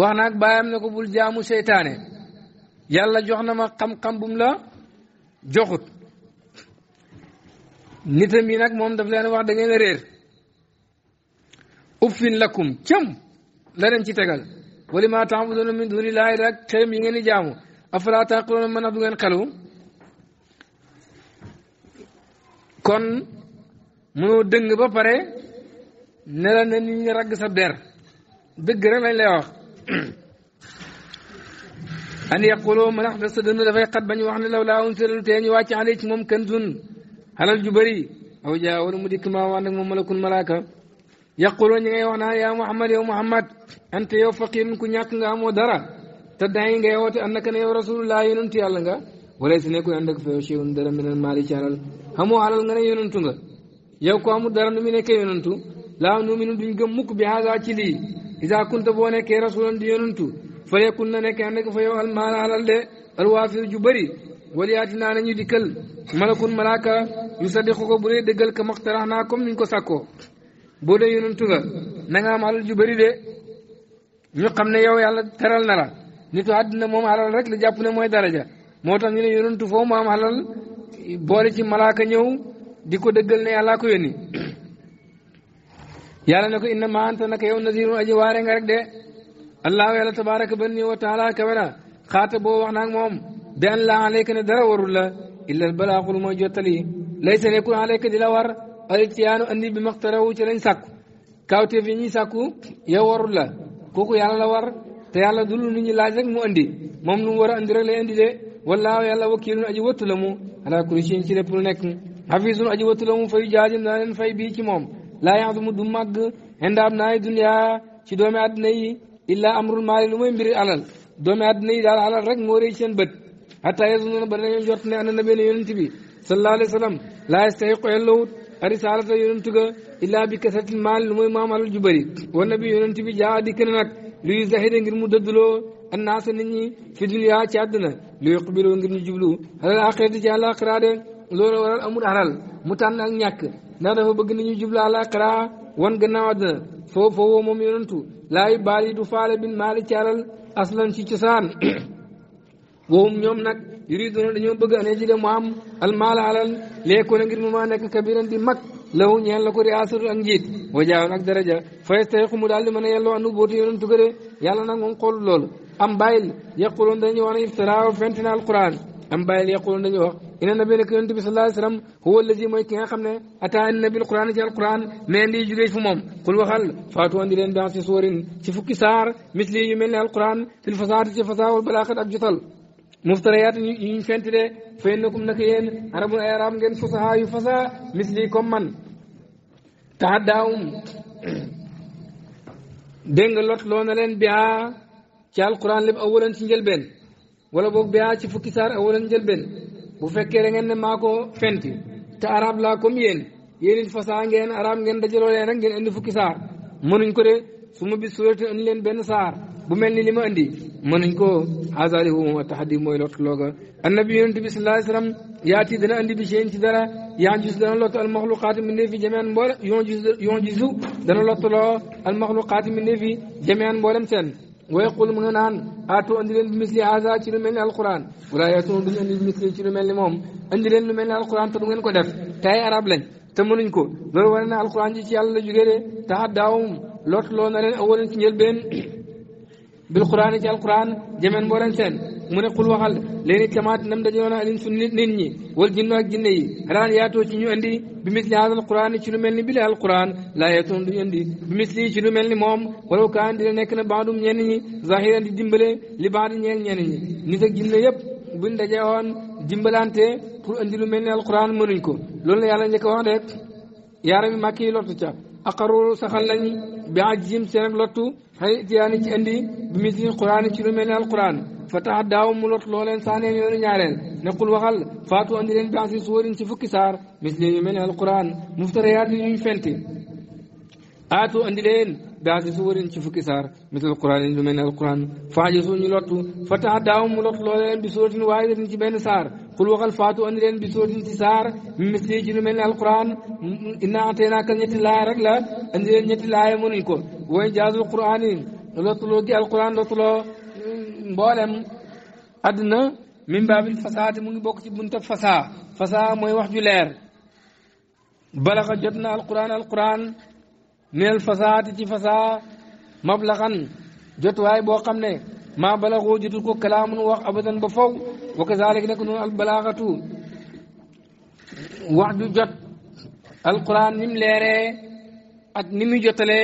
wax naag baayam ne ko bul jaamu seytaane yàlla jox na ma xam-xam bu la joxut nitam yi nag moom daf leen wax da ngeen a réer uffin lakum cam la leen ci tegal wali maa taabuduuna min duni laahi rek xeem yi ngeen jaamu afalaa taqiluuna mën a du ngeen xelu kon mënoo dëng ba pare ne la ne ragg sa der dëgg rek lañ lay wax an yaquloo manax da sa dënn dafay xat bañu wax ne law laa unsilalu tee ñu wàcc ale ci moom kanzun halal ju bëri aw jaa wala mu dikk maa wax nag moom malakun malaaka yaqulu ñi ngay wax naa yaa muhammad yow muhammad ante yow faqirun ku ñàkk nga amoo dara te daayi ngay woote annaka ne yow rasulullah yonent yàlla nga wala si nekkul ànd ak fa yow cheun dara minal maali ci alal xamoo alal nga ne yonentu nga yow ko amul dara nu mu nekkee yonentu laa nu minu duñ gëm mukk bi haga ci lii isa kunta boo nekkee rasulan di yonentu farekun na nekkee ànd ak fa yow almaala alal de alwaafir ju bëri wala yaati naa nañu dikkal malakun malaaka yu sadiqu ko bu dee dëggal ka maxtarax naa comme niñ ko sàkkoo boo de yonantu nga na nga am alal ju de ñu xam ne yow yàlla teral na la nitu àddina moom alal rek la jàpp ne mooy daraja moo tax ñu ne yonantu foo mu am alal boole ci malaaka ñëw di ko dëggal ne yàllaa ko yàlla ne ko inna yow nadirun aji waare rek de allahu yàlla tabaraka bani wa taala kawena xaata boo wax naag moom bi an laa alayka ne dara warul la illal balaaxul mooy jottali laysa nekkul alayka di la war alitiyaanu andi bi maxtarawu ci lañ sàkku kawteef yi ñuy sàkku yow warul la kooku yàlla la war te yàlla du lu nit ñi laaj rek mu andi moom lu mu war a andi rek lay andi de wallaahu yàlla wakiilun aji wattu la mu ala kulli shay'in ci lépp lu nekk xafiisun aji la mu fayu jaajëm naa leen fay bii ci moom laa yaxdu mu du màgg indaam naa duniyaa ci doomi àddina yi illaa amrul maali lu mooy mbiri alal doomi àddina yi daal alal rek moo rëy seen bët xataa yazunnuuna ba dañoo jot ne ana na benn yonent bi sallallahu alayhi wa arisalata yonent ga illaa bi kasatil maal lu mooy mu alal ju bëri wan na bi yonent di jaa dikk na nag luy zahida ngir mu dëdduloo annaasa nit ñi fi duniyaa ci àdduna ngir ñu jublu alal axirati ci àllaaxira de loolu waral amul alal mu tànn ak ñàkk ndax dafa bëgg nit ñu jublu àllaaxira wan gannaaw àdduna foofu foofu moom yonentu laay baal du faale bin maali ci alal aslan ci cosaan woowum ñoom nag يريدون ان يبقى ان يجد معام المال على ليكون غير ممانك كبيرا دي مك لو نيال لكو رئاسة الانجيت وجاون اك درجة فيستيقو مدال من يلو انو بوتي يرن تغري يالا نغم قول لول ام بايل يقولون دنيو انا افتراء وفنتنا القرآن ام بايل يقولون دنيو ان النبي لك ينتب صلى الله عليه وسلم هو الذي ما يكيها خمنا اتا النبي القرآن جاء القرآن مين لي جريش فمم قل وخل فاتوان دي لين بعث سورين تفكي سار مثل يمين القرآن في الفصار تفصار والبلاخر اجتل moftoreyata yin fentide fayinnokum naka yen arabu ayaram e gen fasaha yu fasa misli comme man tahaddaum denga lot lonalen biya ci alquran lib awolan ci njel ben wala bok biya ci fukki sar awolan njel ben bu fekke rengen ne mako fenti ta arab la comme yen yenin fasa ngen arab ngen dajelo len rek ngen andi fukki sar munuñ ko de suma bi suratu andi len ben sar bu melni lima andi منكو هذا اللي هو التحدي مولوك لوغا انا ينتبه صلى الله ياتي دنا اندي بشين تدرا ينجز دنا لطو المخلوقات من نفي جميعا مولا ينجز دنا لطو المخلوقات من نفي جميعا مولا مسن ويقول من هنا اتو اندي لن بمثل هذا تلو من القرآن ولا يتو بل اندي بمثل من الموم اندي من القرآن تلو من قدف تاي عرب لن تمنين كو لن القرآن جيسي الله جيسي الله جيسي الله جيسي الله جيسي الله bil quraan ci alquran jamen mboolem seen mu ne xul waxal léeni kamaat nam dañoo na alin su nit ñi wal jinno ak jinne yi raan yaatoo ci ñu indi bi misli haada alquran ci lu mel ni bile alquran laa yeetoon duñu indi bi misli ci lu mel ni moom walaw kaan dina nekk na baadum ñenn ñi zahiran di dimbale li baadu ñeel ñenn ñi nit ak jinne yëpp buñ dajee woon dimbalante pour indi lu mel ni al alquran mënuñ ko loolu la yàlla njëkk wax rek yaaram yi màkk yi lottu ca aqaru saxal nañ bi ajjim seen ak lottu xëy itiyaani ci indi bi misil quraan ci lu mel ne alquran fa tax daaw mu lot loo leen saaneen yoonu ñaareel nequl waxal faatu andi leen bi ansi suwarin ci fukki saar misil yu mel ne alquran muftariyaat yuñ fenti aatu andi leen بعكس ورين شفك سار مثل القرآن إنه من القرآن فعجزوا نلطو فتعداهم ملط لولين بسورة واحدة بين سار قل وقال فاتو أن لين بسورة سار مثل جن من القرآن إن أعطيناك نتلا رجلا أن لين نتلا يمونكو جاز القرآن لطلو دي القرآن لو بولم أدنى من باب الفساد من ngi بنت ci bunta fasaa fasaa لير بلغ جدنا القرآن القرآن, jot من الفساد تي فسا مبلغا جوت واي بو خامني ما بلغو جوتو كو كلام واخ ابدا بفو وكذلك نكون البلاغه وعد جوت القران نيم ليري اك نيمي جوتالي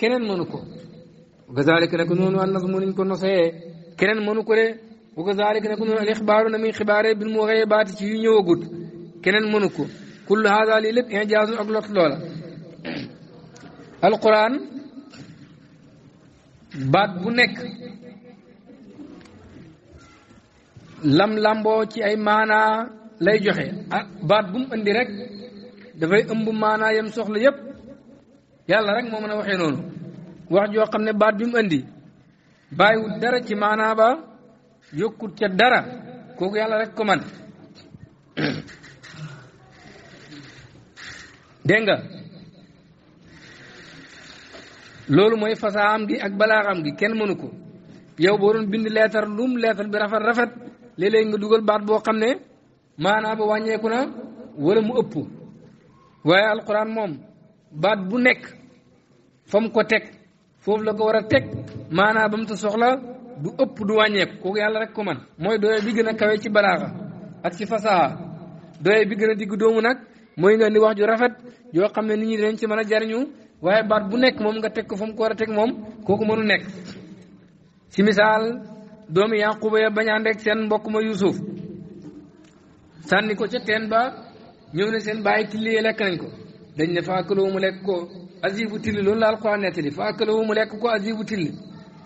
كنن منوكو وكذلك نكون ان نظم نكون نسي كنن منوكو ري وكذلك نكون الاخبار من خبار بالمغيبات تي نيوغوت كنن منوكو كل هذا ليلب انجاز اك لوت لولا alquran baat bu nekk lam làmboo ci ay maanaa lay joxe ah, baat bu mu indi rek dafay ëmb maanaa yam soxla yépp yàlla rek moo mën a waxe noonu wax joo xam ne baat bi mu indi bàyyiwut dara ci maanaa ba yokkut ca dara kooku yàlla rek ko man dégg loolu mooy fasaa am gi ak balaaxam gi kenn mënu ko yow boo doon bind leetar lum leetar bi rafet rafet léeg-léeg nga dugal baat boo xam ne maanaa ba wàññeeku na wala mu ëpp waaye alquran moom baat bu nekk fa mu ko teg foofu la ko war a teg maanaa ba mu soxla du ëpp du wàññeeku kooku yàlla rek ko man mooy doye bi gën a kawe ci balaaxa ak ci fasaha doye bi gën a digg doomu nag mooy nga ni wax ju rafet yoo xam ne nit ñi dañ ci mën a jariñu waaye baat bu nekk moom nga teg ko fa mu ko war a teg moom kooku mënu nekk si misaal doomi Yaquba ya bañ a ànd ak seen mbokk ma Yuusuf sànni ko ca teen ba ñëw ne seen bàyyi tilli yee lekk nañ ko dañ ne fa mu lekk ko azibu tilli loolu la Alxuraan nettali mu lekk ko azibu tilli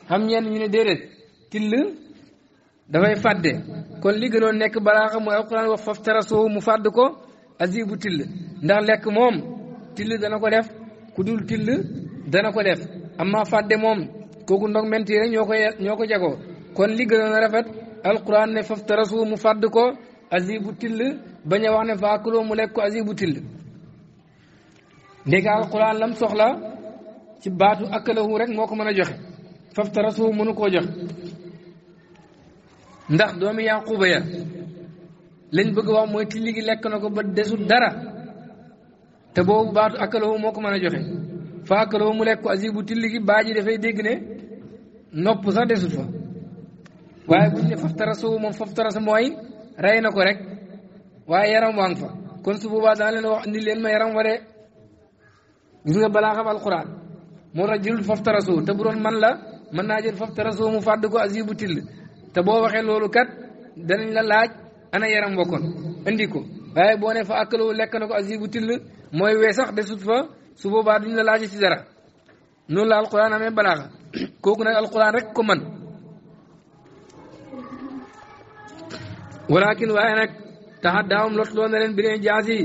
xam ñeen ñu ne déedéet till dafay fàdde kon li gënoon nekk balaaxa mooy alquran wax faf tarasoo mu fàdd ko azibu till ndax lekk moom till dana ko def ku dul till dana ko def amma fàdde moom kooku ndog ment rek ñoo ko ñoo ko jagoo kon li gënoon a rafet alquran ne faf tarasu mu fàdd ko azibu till bañ a wax ne fa faakuloo mu lekk ko azibu till léegi alquran lam soxla ci baatu akalahu rek moo ko mën a joxe faf tarasu mënu koo joxe ndax doomi yaquba ya lañ bëgg wax mooy tilli gi lekk na ko ba desut dara te boobu baatu akkaloo moo ko mën a joxe fa akkaloo mu lekk ko asibu tilli gi baa ji dafay dégg ne nopp sax desut fa waaye bu ne faf tarasoo moom faf tarasa mooy rey na ko rek waaye yaram waa ngi kon su boobaa daan leen wax indi leen ma yaram wa de gis nga balaa xam alquran moo tax jëlul faf tarasoo te bu doon man la mën naa jël faf tarasoo mu fàdd ko asibu till te boo waxee loolu kat danañ la laaj ana yaram wa kon indi ko waaye boo ne fa akkaloo lekk na ko asibu till mooy wee sax desut fa su boobaa duñ la laaj ci dara noonu la alquran amee balaaxa kooku nag alquran rek ko man walakin waaye nag taxa daawam lot loo na leen bi ne jaas yi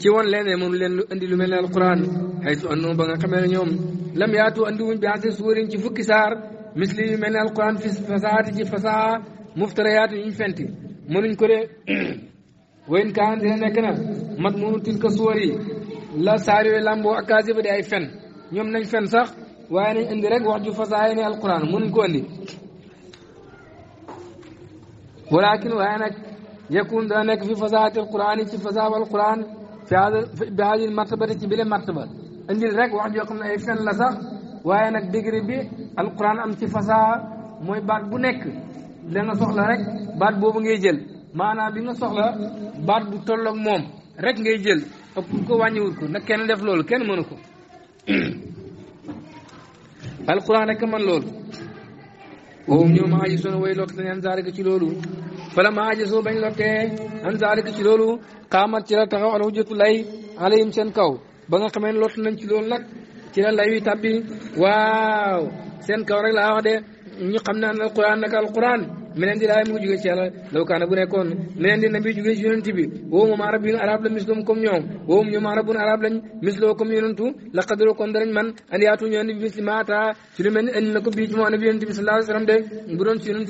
ci won leen moom leen lu indi lu mel ne alquran xay su annoo ba nga xamee ne ñoom lam yaatu andiwuñ bi xase suurin ci fukki saar misli yu mel ne alquran fi fasaati ci fasaa muftarayaatu yuñ fenti mënuñ ko de وين كان دي نكنا مضمون تلك صوري لا ساري ولا مو اكاذيب دي اي فن نيوم نان فن صح واي ني اندي رك وخذ القران من كوني ولكن واي يكون ذلك في فزاعة القران في فزاعة القران في هذا بهذه المرتبه في بلا مرتبه اندي رك وخذ اي فن لا صح واي نك بي القران ام في فزاعة موي بات بو نيك لا نسوخلا رك maanaam bi nga soxla baat bu tolloog moom rek ngay jël ak ku ko wàññiwut ko nag kenn def lool kenn mënu ko alquran rek man lool wow ñoom aaji sona way lott nañ ansaarika ci loolu fala ma aaji soo bañ lottee ansaarika ci loolu xaamat ci la taxaw al hujjatu lay alayhim seen kaw ba nga xamee lott nañ ci loolu nag ci la lay wi tabbi waaw seen kaw rek laa wax de ñu xam ne alquran nag alquran meneen di laay mu ngi jógee ci yàlla law kaana bu nekkoon meneen di nabi jógee ci yonent bi woo moom arab yu arab la mislum ñoom woo ñoom arabun arab lañ misloo comme yonentu la qadro kon danañ man andi yaatu ñu andi misli maata ci lu mel ni andi na ko bii ci moo andi bi yonent bi sallallahu alayhi wa sallam de bu doon ci ñu man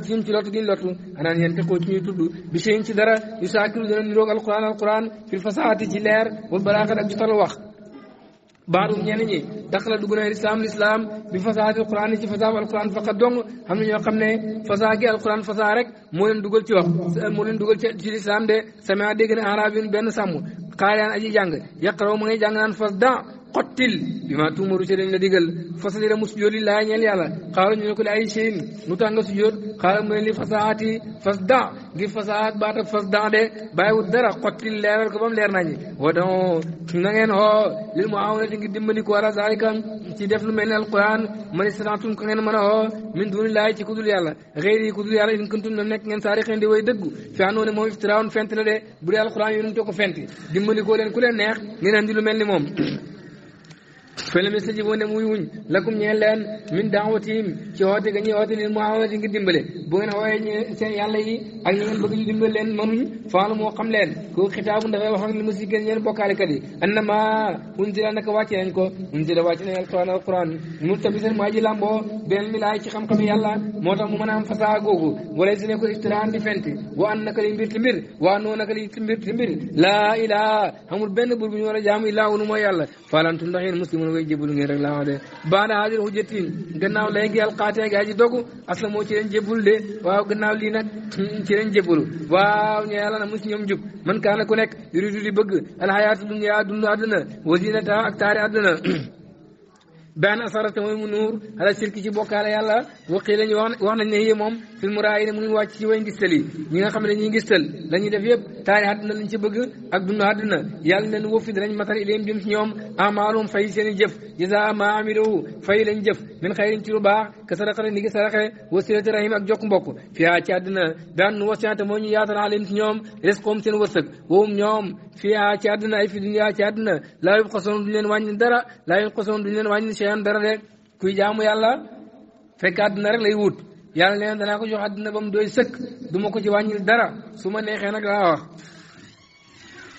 bi ci lottu giñ lottu anaan dara yu saakiru dana niroog alquran alquran fil fasaati ci leer wal balaaxat ak ci tal wax baaru ñenn ñi daxala dugg na lislaam lislaam bi fasaati alquran yi ci fasaa alquran faqa dong xam ne ñoo xam ne fasaa gi alquran fasaa rek moo leen dugal ci wax moo leen dugal ci lislaam de sama dégg na arabin benn sàmm xaariyaan aji jàng yaqaraw ma ngay jàng naan fas dan xottil bi ma tuumaru ci dañ la digal fasalira mu sujjóot laa ñeel yàlla xaala ñu ne ko li ay nu tax nga sujjóot mu ne li fasaati fas da ngir fasaat baat ak fas da de bàyyiwut dara xottil leeral ko ba leer nañu wa don na ngeen xoo lil mu aw na di ngi dimbali ko wala zalika ci def lu mel ni alquran man istantum ko ngeen mën a min duni ci kudul yàlla xëyr kudul yàlla in kuntum na nekk ngeen saari xeen di way dëggu fi anoo ko fent dimbali ko leen mel ni moom fële mi sëji boo ne muy wuñ lakum ñeen leen min daawatihim ci woote ga ñuy woote leen mu awana yi nga dimbale bu ngeen wooyee ñu seen yàlla yi ak ñi ngeen bëgg ñu dimbale leen mënuñ faalu moo xam leen koo xitaabu dafay wax ak li musrikiin ñeen bokkaalekat yi annama unzila naka wàcce nañ ko unzila wàcce nañ alquran alquran ji làmboo benn mi laay ci xam-xam yàlla moo tax mu a fasaa googu wala si ko iftiraan di fenti wa an naka mbir ti laa ilaa amul benn buur bu ñu war a mooy yàlla faalantum ndax yéen mun way jébbalu ngeen rek laa wax de baada hadir hujjati gannaaw lay ngi alqaate ga aji dogu aslamoo ci leen jébbalu de waaw gannaaw lii nag ci leen jébbalu waaw ñe yàlla na mus ñoom jub man kaana ku nekk yuridu di bëgg alxayaatu dunya dund àdduna wazinata ak taari benn asarata mooy mu nuur ala sirki ci bokkaale yàlla waqii lañu wax wax nañ ne yii moom fil muraayi ne mu ngi wàcc ci way ngistal yi ñi nga xam ne ñuy ngistal la ñuy def yëpp taari àddina lañ ci bëgg ak dund àddina yàlla leen wëffi danañ matal ileem jëm si ñoom amaalum fay seen i jëf jazaa ma amilu fay lañ jëf min xayrin ci lu baax ka saraxate ni ngi saraxe wasilati rahim ak jokk mbokk fiyaa ci àddina daan nu wasiante moo ñu yaatal alim si ñoom risqoom seen wërsëg wowum ñoom fiyaa ci àddina ay fi duniyaa ci àddina laa yub xasoon duñ leen wàññi dara laa yub xasoon duñ leen wàññi cee am dara de kuy jaamu yàlla fekk àddina rek lay wut yàlla nee danaa ko jox àddina ba mu doy sëkk du ma ko ci wàññil dara su ma neexee nag laa wax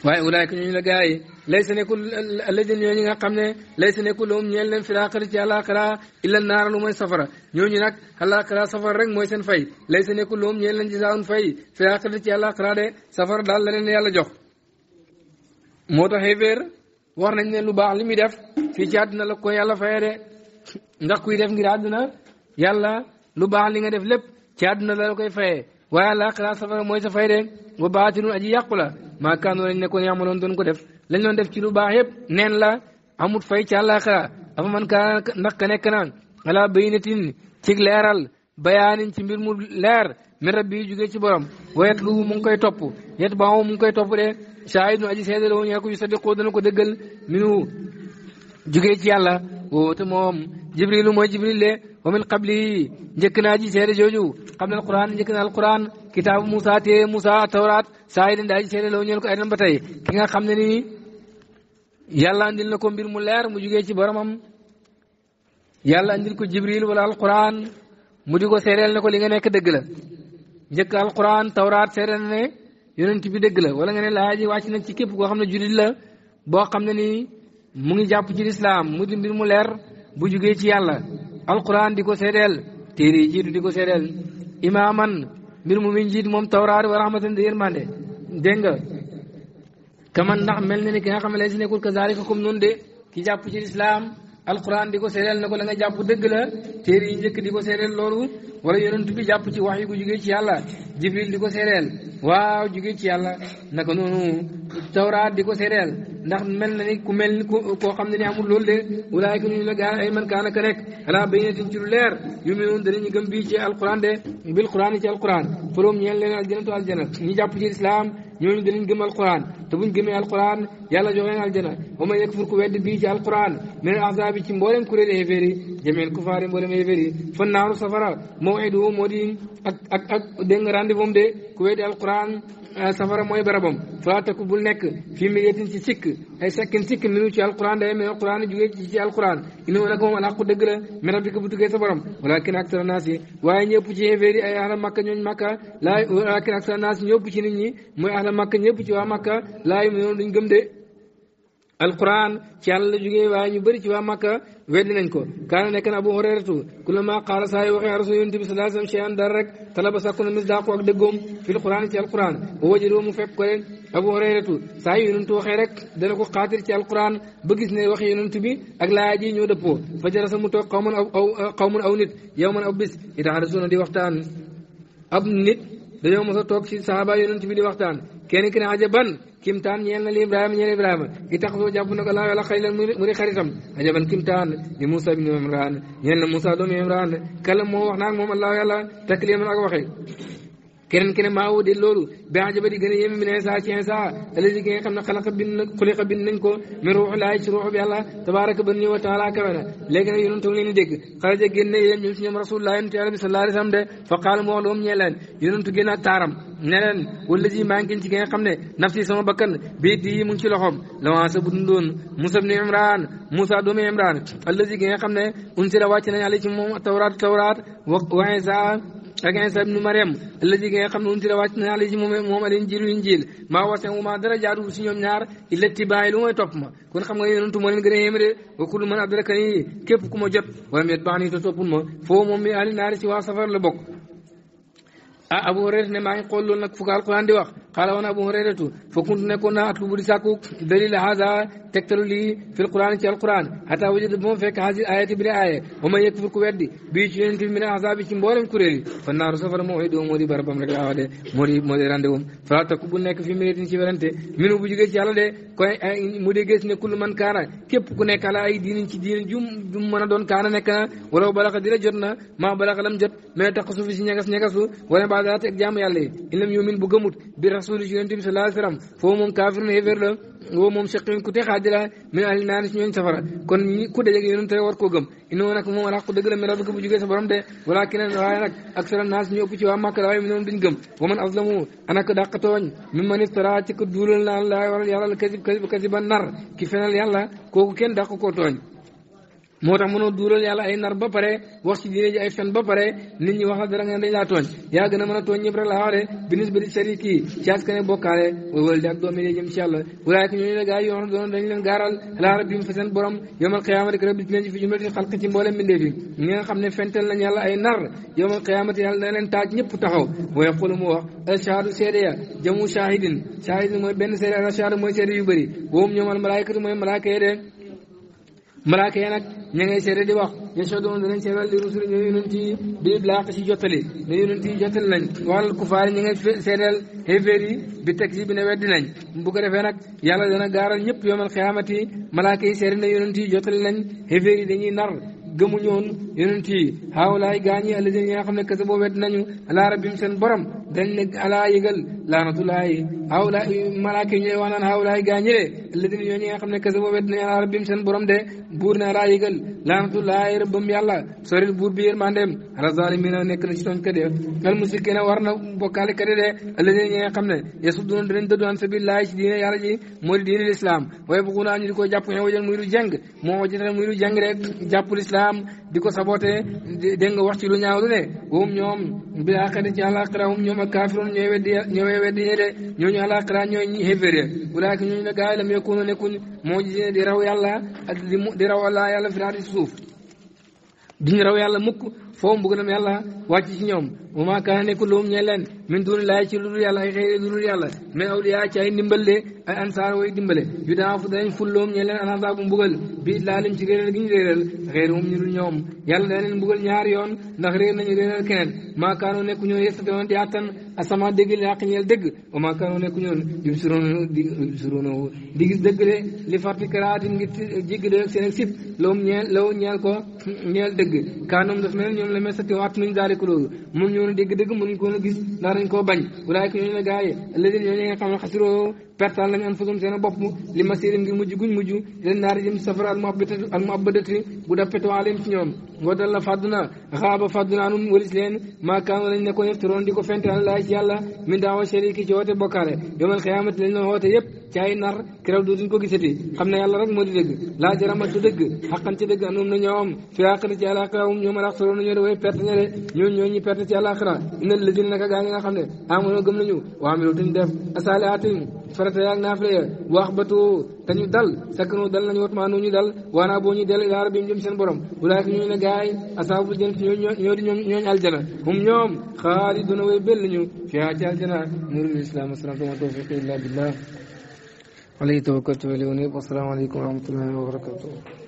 waaye ulaayka ñooñu la gars yi laysa nekkul alladina ñooñu nga xam ne laysa nekkul lahum ñeel leen fil aaxirati ci àllaaxira illa naara lu mooy safara ñooñu nag àllaaxira safara rek mooy seen fay laysa nekkul lahum ñeel leen jisaawun fay fil aaxirati ci àllaaxira de safara daal la leen yàlla jox moo tax war nañ ne lu baax li muy def fii ci àdduna la ko yalla faye de ndax kuy def ngir àdduna yàlla lu baax li nga def lépp ci àdduna la koy faye fayee waaye àllaaxira safara mooy sa fay de wa baatinu aji yàqu la maa kaanoo lañ nekkoon yaamaloon doon ko def lañ doon def ci lu baax yëpp neen la amut fay ci àllaaxira afa man kaa ndax ka nekk na ala baynatin ci leeral bayaanin ci mbir mu leer min rabbi jógee ci borom wa yatluhu mu ngi koy topp yet baaxu mu koy topp شاهد أجي سيد له ياكو يصدق قدرنا كدقل منو جعيت يا الله وتمام جبريل ما جبريل له ومن قبله جكنا أجي سيد جوجو قبل القرآن جكنا القرآن كتاب موسى تي موسى توراة شاهد أجي سيد له ياكو أيضا بتاعي كنا خمدني يا الله أنزلنا بير ملير مجيت برمم يا الله أنزل جبريل ولا القرآن مجيكو سيد له ياكو لينا نكدقل القرآن توراة سيد له yonent bi dëgg la wala nga ne laaya ji ci képp koo xam ne jullit la boo xam ne ni mu ngi jàpp ci lislaam mu di mbir mu leer bu jugee ci yàlla alquran di ko seedeel téere yi di ko seedeel imaaman mbir mu mi jiit moom tawraat wa rahmatan di yërmande dégg nga ndax mel na ni ki nga xam ne lay si nekkul kazaalika comme noonu de ki jàpp ci lislaam alquran di ko seedeel na ko la jàpp dëgg la téere yi njëkk di ko seedeel loolu wala yonent bi jàpp ci wax yu ko jugee ci yàlla jibril di ko seedeel waaw jugee ci yàlla naka noonu tawraat di ko seedeel ndax mel na ni ku mel ni koo xam ne ni amul loolu de walaay ko ñu la gaal ay man kaana ka nekk ala baynatin ci lu leer yu mu noonu danañu gëm bii ci alquran de bil quran ci alquran foroom ñeen leen aljanatu aljana ñu jàpp ci islam ñooñu danañ gëm alquran te buñ gëmee alquran yàlla jox leen aljana ba may yakfur ku wedd bii ci alquran min ahzaabi ci mboolem kuréel yéeféer yi jameen kufaar yi mboolem yéeféer yi fa naaru safara maw'iduhu moo di ak ak ak dégg nga rendez-vous am de ku weddi alquran euh, safara mooy barabam falaa taku bul nekk fii miryatin ci sikk ay sakkin sikk minu ci alquran day mel alquran jugee ci ci alquran sa borom walakin aksara naas yi waaye ñëpp ci xéeféeri ci nit ñi mooy ahla makka ñëpp ci waa makka laa yi mu noonu duñ jugee waaye ñu bëri ci waa makka weddi nañ ko kaana nekk na abu hurayratu kullama qaala saa yu waxee rasul yonent bi sallallahu alayhi wasallam shay'an dara rek talaba sakku na misdaaqu ak dëggoom fil quraan ci alquran wa wajadoo fekk ko leen abu hurayratu saa yu yonentu waxee rek dana ko xaatir ci alquran ba gis ne waxi yonent bi ak laaya ji ñoo dëppoo fa jarasa mu toog qawmun aw qawmun aw nit yawman aw bis yataharasuuna di waxtaan ab nit dañoo mos a toog ci saaba yonent bi di waxtaan kenn ki ne ajaban kimtaan ñeel na li Ibrahima ñeel Ibrahima i tax soo jàpp na ko laa yàlla xaylan mu di xaritam ajaban kimtaan li Moussa ibn Imran ñeel na Moussa doomu Imran kala moo wax naag moom allah yàlla takliman ak waxe keneen keneen maa woo de loolu bi ajaba di gën a yem min insa ci insa alladi gi nga xam ne xalaqa bind na xuliqa bind nañ ko min ruux laay ci ruux bi yàlla tabaraka ba ni wa taala kawe na léegi nag yonent ngeen di dégg xaraja génn yéen ñun si ñoom rasulullah yonent yàlla bi sallallahu alayhi wasallam de fa qaala mu wax loom ñee leen yonent génn ak taaram ne leen wala ji maa ngi ci nga xam ne nafsi sama bakkan bii di mu ngi ci loxoom lawansa bu dundoon Musa ibn Imran Musa doomi Imran alladi gi nga xam ne unsira wàcc nañ àlla ci moom tawraat tawraat wa insa ak Isa ibnu Maryam alladi nga xam ne unti la wàcc na àla ji moom moom alin jilu injil maa wase topp ma kon xam nga yonentu moo leen gën a de wa kullu man adraka nii képp ku ma jot wala mu nii te ma foo moom mi ali naari si waa safar la bokk ah Abu Hurayra ne maa ngi xool lool nag fu ko alquran di wax قال وانا ابو هريره فكنت نكون اطلب لساكو دليل هذا تكتل لي في القران في القران حتى وجد بهم فك هذه الايه بلا ايه ومن يكفر كودي بي جنت من عذاب في مبولم كوري فالنار سفر موعدهم ودي بربم رك لاوده مودي مودي راندوم فلا تكب نك في ميرتين سي ورنته منو بو جوغي سي يالا دي كوي مودي گيس ne kullu man kaana képp ku nekk ala ay diinin ci diin jum jum mën a doon kaana nekk na wala balaxa dira jot na maa balaxa lam jot mais tax suufi si ñagas ñagasu wala ba dara teg jaamu yàlla yi ilam yumin bu gëmut bi ras rasuli ci yonent bi sallallahu alayhi foo moom kaafir na yéeféer woo moom chaqin ku te xaaji la min ahli naar safara kon ku dajeeg yonent te war koo gëm inoo moom alxaqu dëgg la mi rabbika bu jógee sa de wala keneen aksara naas ñu ëpp ci waa Màkka la waaye mi noonu duñ azlamu anaka dàq tooñ mi man iftara ci ko duulal na la kasib kasib kasiba nar ki fenal yàlla kooku kenn dàq koo tooñ moo tax mënoo duural yàlla ay nar ba pare wax ci diine ji ay fen ba pare nit ñi wax la dara nga dañ laa tooñ yaa gën a mën a tooñ ñëpp rek laa wax de binis bi di ci askane bokkaale wal di ak doom la gaa yi yoon doon dañ leen gaaral laa rabbihim fa seen borom yowmal xiyaamati rek bis ci fi jumlati xalq ci mboolem mbindee fi ñi nga xam ne fentel nañ yàlla ay nar yowmal xiyaamati yàlla dana leen taaj ñëpp taxaw wa yaqulu mu wax ashhaadu seede ya jamu shahidin shahidin mooy benn seede ak yu bëri ñoomal malaayikatu mooy malaaka ya nag ña ngay seede di wax yashhaduuna danañ seedal li rusuli ñu yonent yi bi iblaaq si jottali ne yonent yi jottali nañ wal kufaar ña ngay seedal xéeféer yi bi teg si bi ne weddi nañ bu ko defee nag yàlla dana gaaral ñëpp yoomal xiyaamati malaaka yi seede ne yonent yi jottali nañ xéeféer yi dañuy nar gëmu ñoon yonent yi haawlaay gaañi alladina yi nga xam ne kese boo wet nañu alaa rabbim seen borom dañ ne alaa yëgal laanatulaay haawlaay malaaka yi ñooy wax naan haawlaay gaañi de alladina ñoo ñi nga xam ne kese boo wet nañu alaa rabbim seen borom de buur ne alaa yëgal laanatulaay rëbbam yàlla soril buur bi yërmandeem ala zalimina nekk na ci tooñkat yi al ne war na bokkaale kat de alladina ñi nga xam ne yasudduna dinañ dëddu an sabilillahi ci diine yàlla ji moo di diine lislaam waaye bëggu naa ñu di ko jàpp ñoo wajan muy lu jàng moo wajan muy lu jàng rek jàpp lislaam xaraam di ko saboté dégg nga wax ci lu ñaaw lu ne wum ñoom bi àqati ci àlaaxira wum ñoom ak kaafiroon ñooy weddi ñooy weddi ñe de ñooñu àlaaxira ñooy ñi xéféere walaaki ñooñu ne gaa yi lam yekkuno nekkuñ moo ji di raw yàlla ak di raw allah yàlla fi naati suuf duñu raw yàlla mukk foofu mbugalam yàlla wàcc ci ñoom wa maa kaana nekkul loom ñe leen min duuni laay ci lu dul yàlla ay xëy lu dul yàlla mais awliyaa ci ay ndimbal de al ansaar way dimbale yu daa fu danañ fulloom ñe leen anasa bu mbugal bi laalim ci réeral gi ñu réeral xëy ñu dul ñoom yàlla dana leen ñaar yoon ndax réer nañu réeral keneen maakaanoo nekku ñoon yestatoon di àttan asama dégg li àq ñeel dëgg wa maakaanoo nekku ñoon yub suroon di suroon di gis dëgg de li farti karaatin ngir jégg de seen ak sib lawum ñeel law ñeel ko ñeel dëgg kaanoom daf mel ñoom la mel sati waat nuñ daaliku loolu mun ñoon dégg dëgg mënuñ koon a gis ndax dañ koo bañ walaay ko ñooñu la gaaye ëllëgin ñooñu pertal lañu anfusum seen bopp li masirim ngir mujj guñ mujj leen naari jëm safara al muhabbadati al muhabbadati ci ñoom ngoo dal la fàdduna xaaba fàdduna anum walis leen maakaano lañ nekkoon yeftaroon di ko ko gisati xam ne yàlla rek moo di dëgg laa jarama du dëgg xaqan ci dëgg anum na ñoom fi àqira ci àlaxira um ñoom alaxtaroon na ñoo de way perte ña de ñoo ñoo perte ci àlaxira ina lëjin naka gaa ñi nga xam ne amono gëm nañu farata yaag naafila ya wax batu te ñu dal sakkanu dal nañu watmaa nu ñu dal waanaa boo ñuy del ilaa rabbihim jëm seen borom wulaay ko ñuy ne gaay asaabul jant ñoo ñoo di ñoom ñooñ aljana hum ñoom xaaliduna way bell ñu fiyaa ci aljana nurul islam asalaamtu ma tawfiqi billah alayhi tawakkaltu wa ilayhi unib wassalaamu aleykum wa wa barakatuh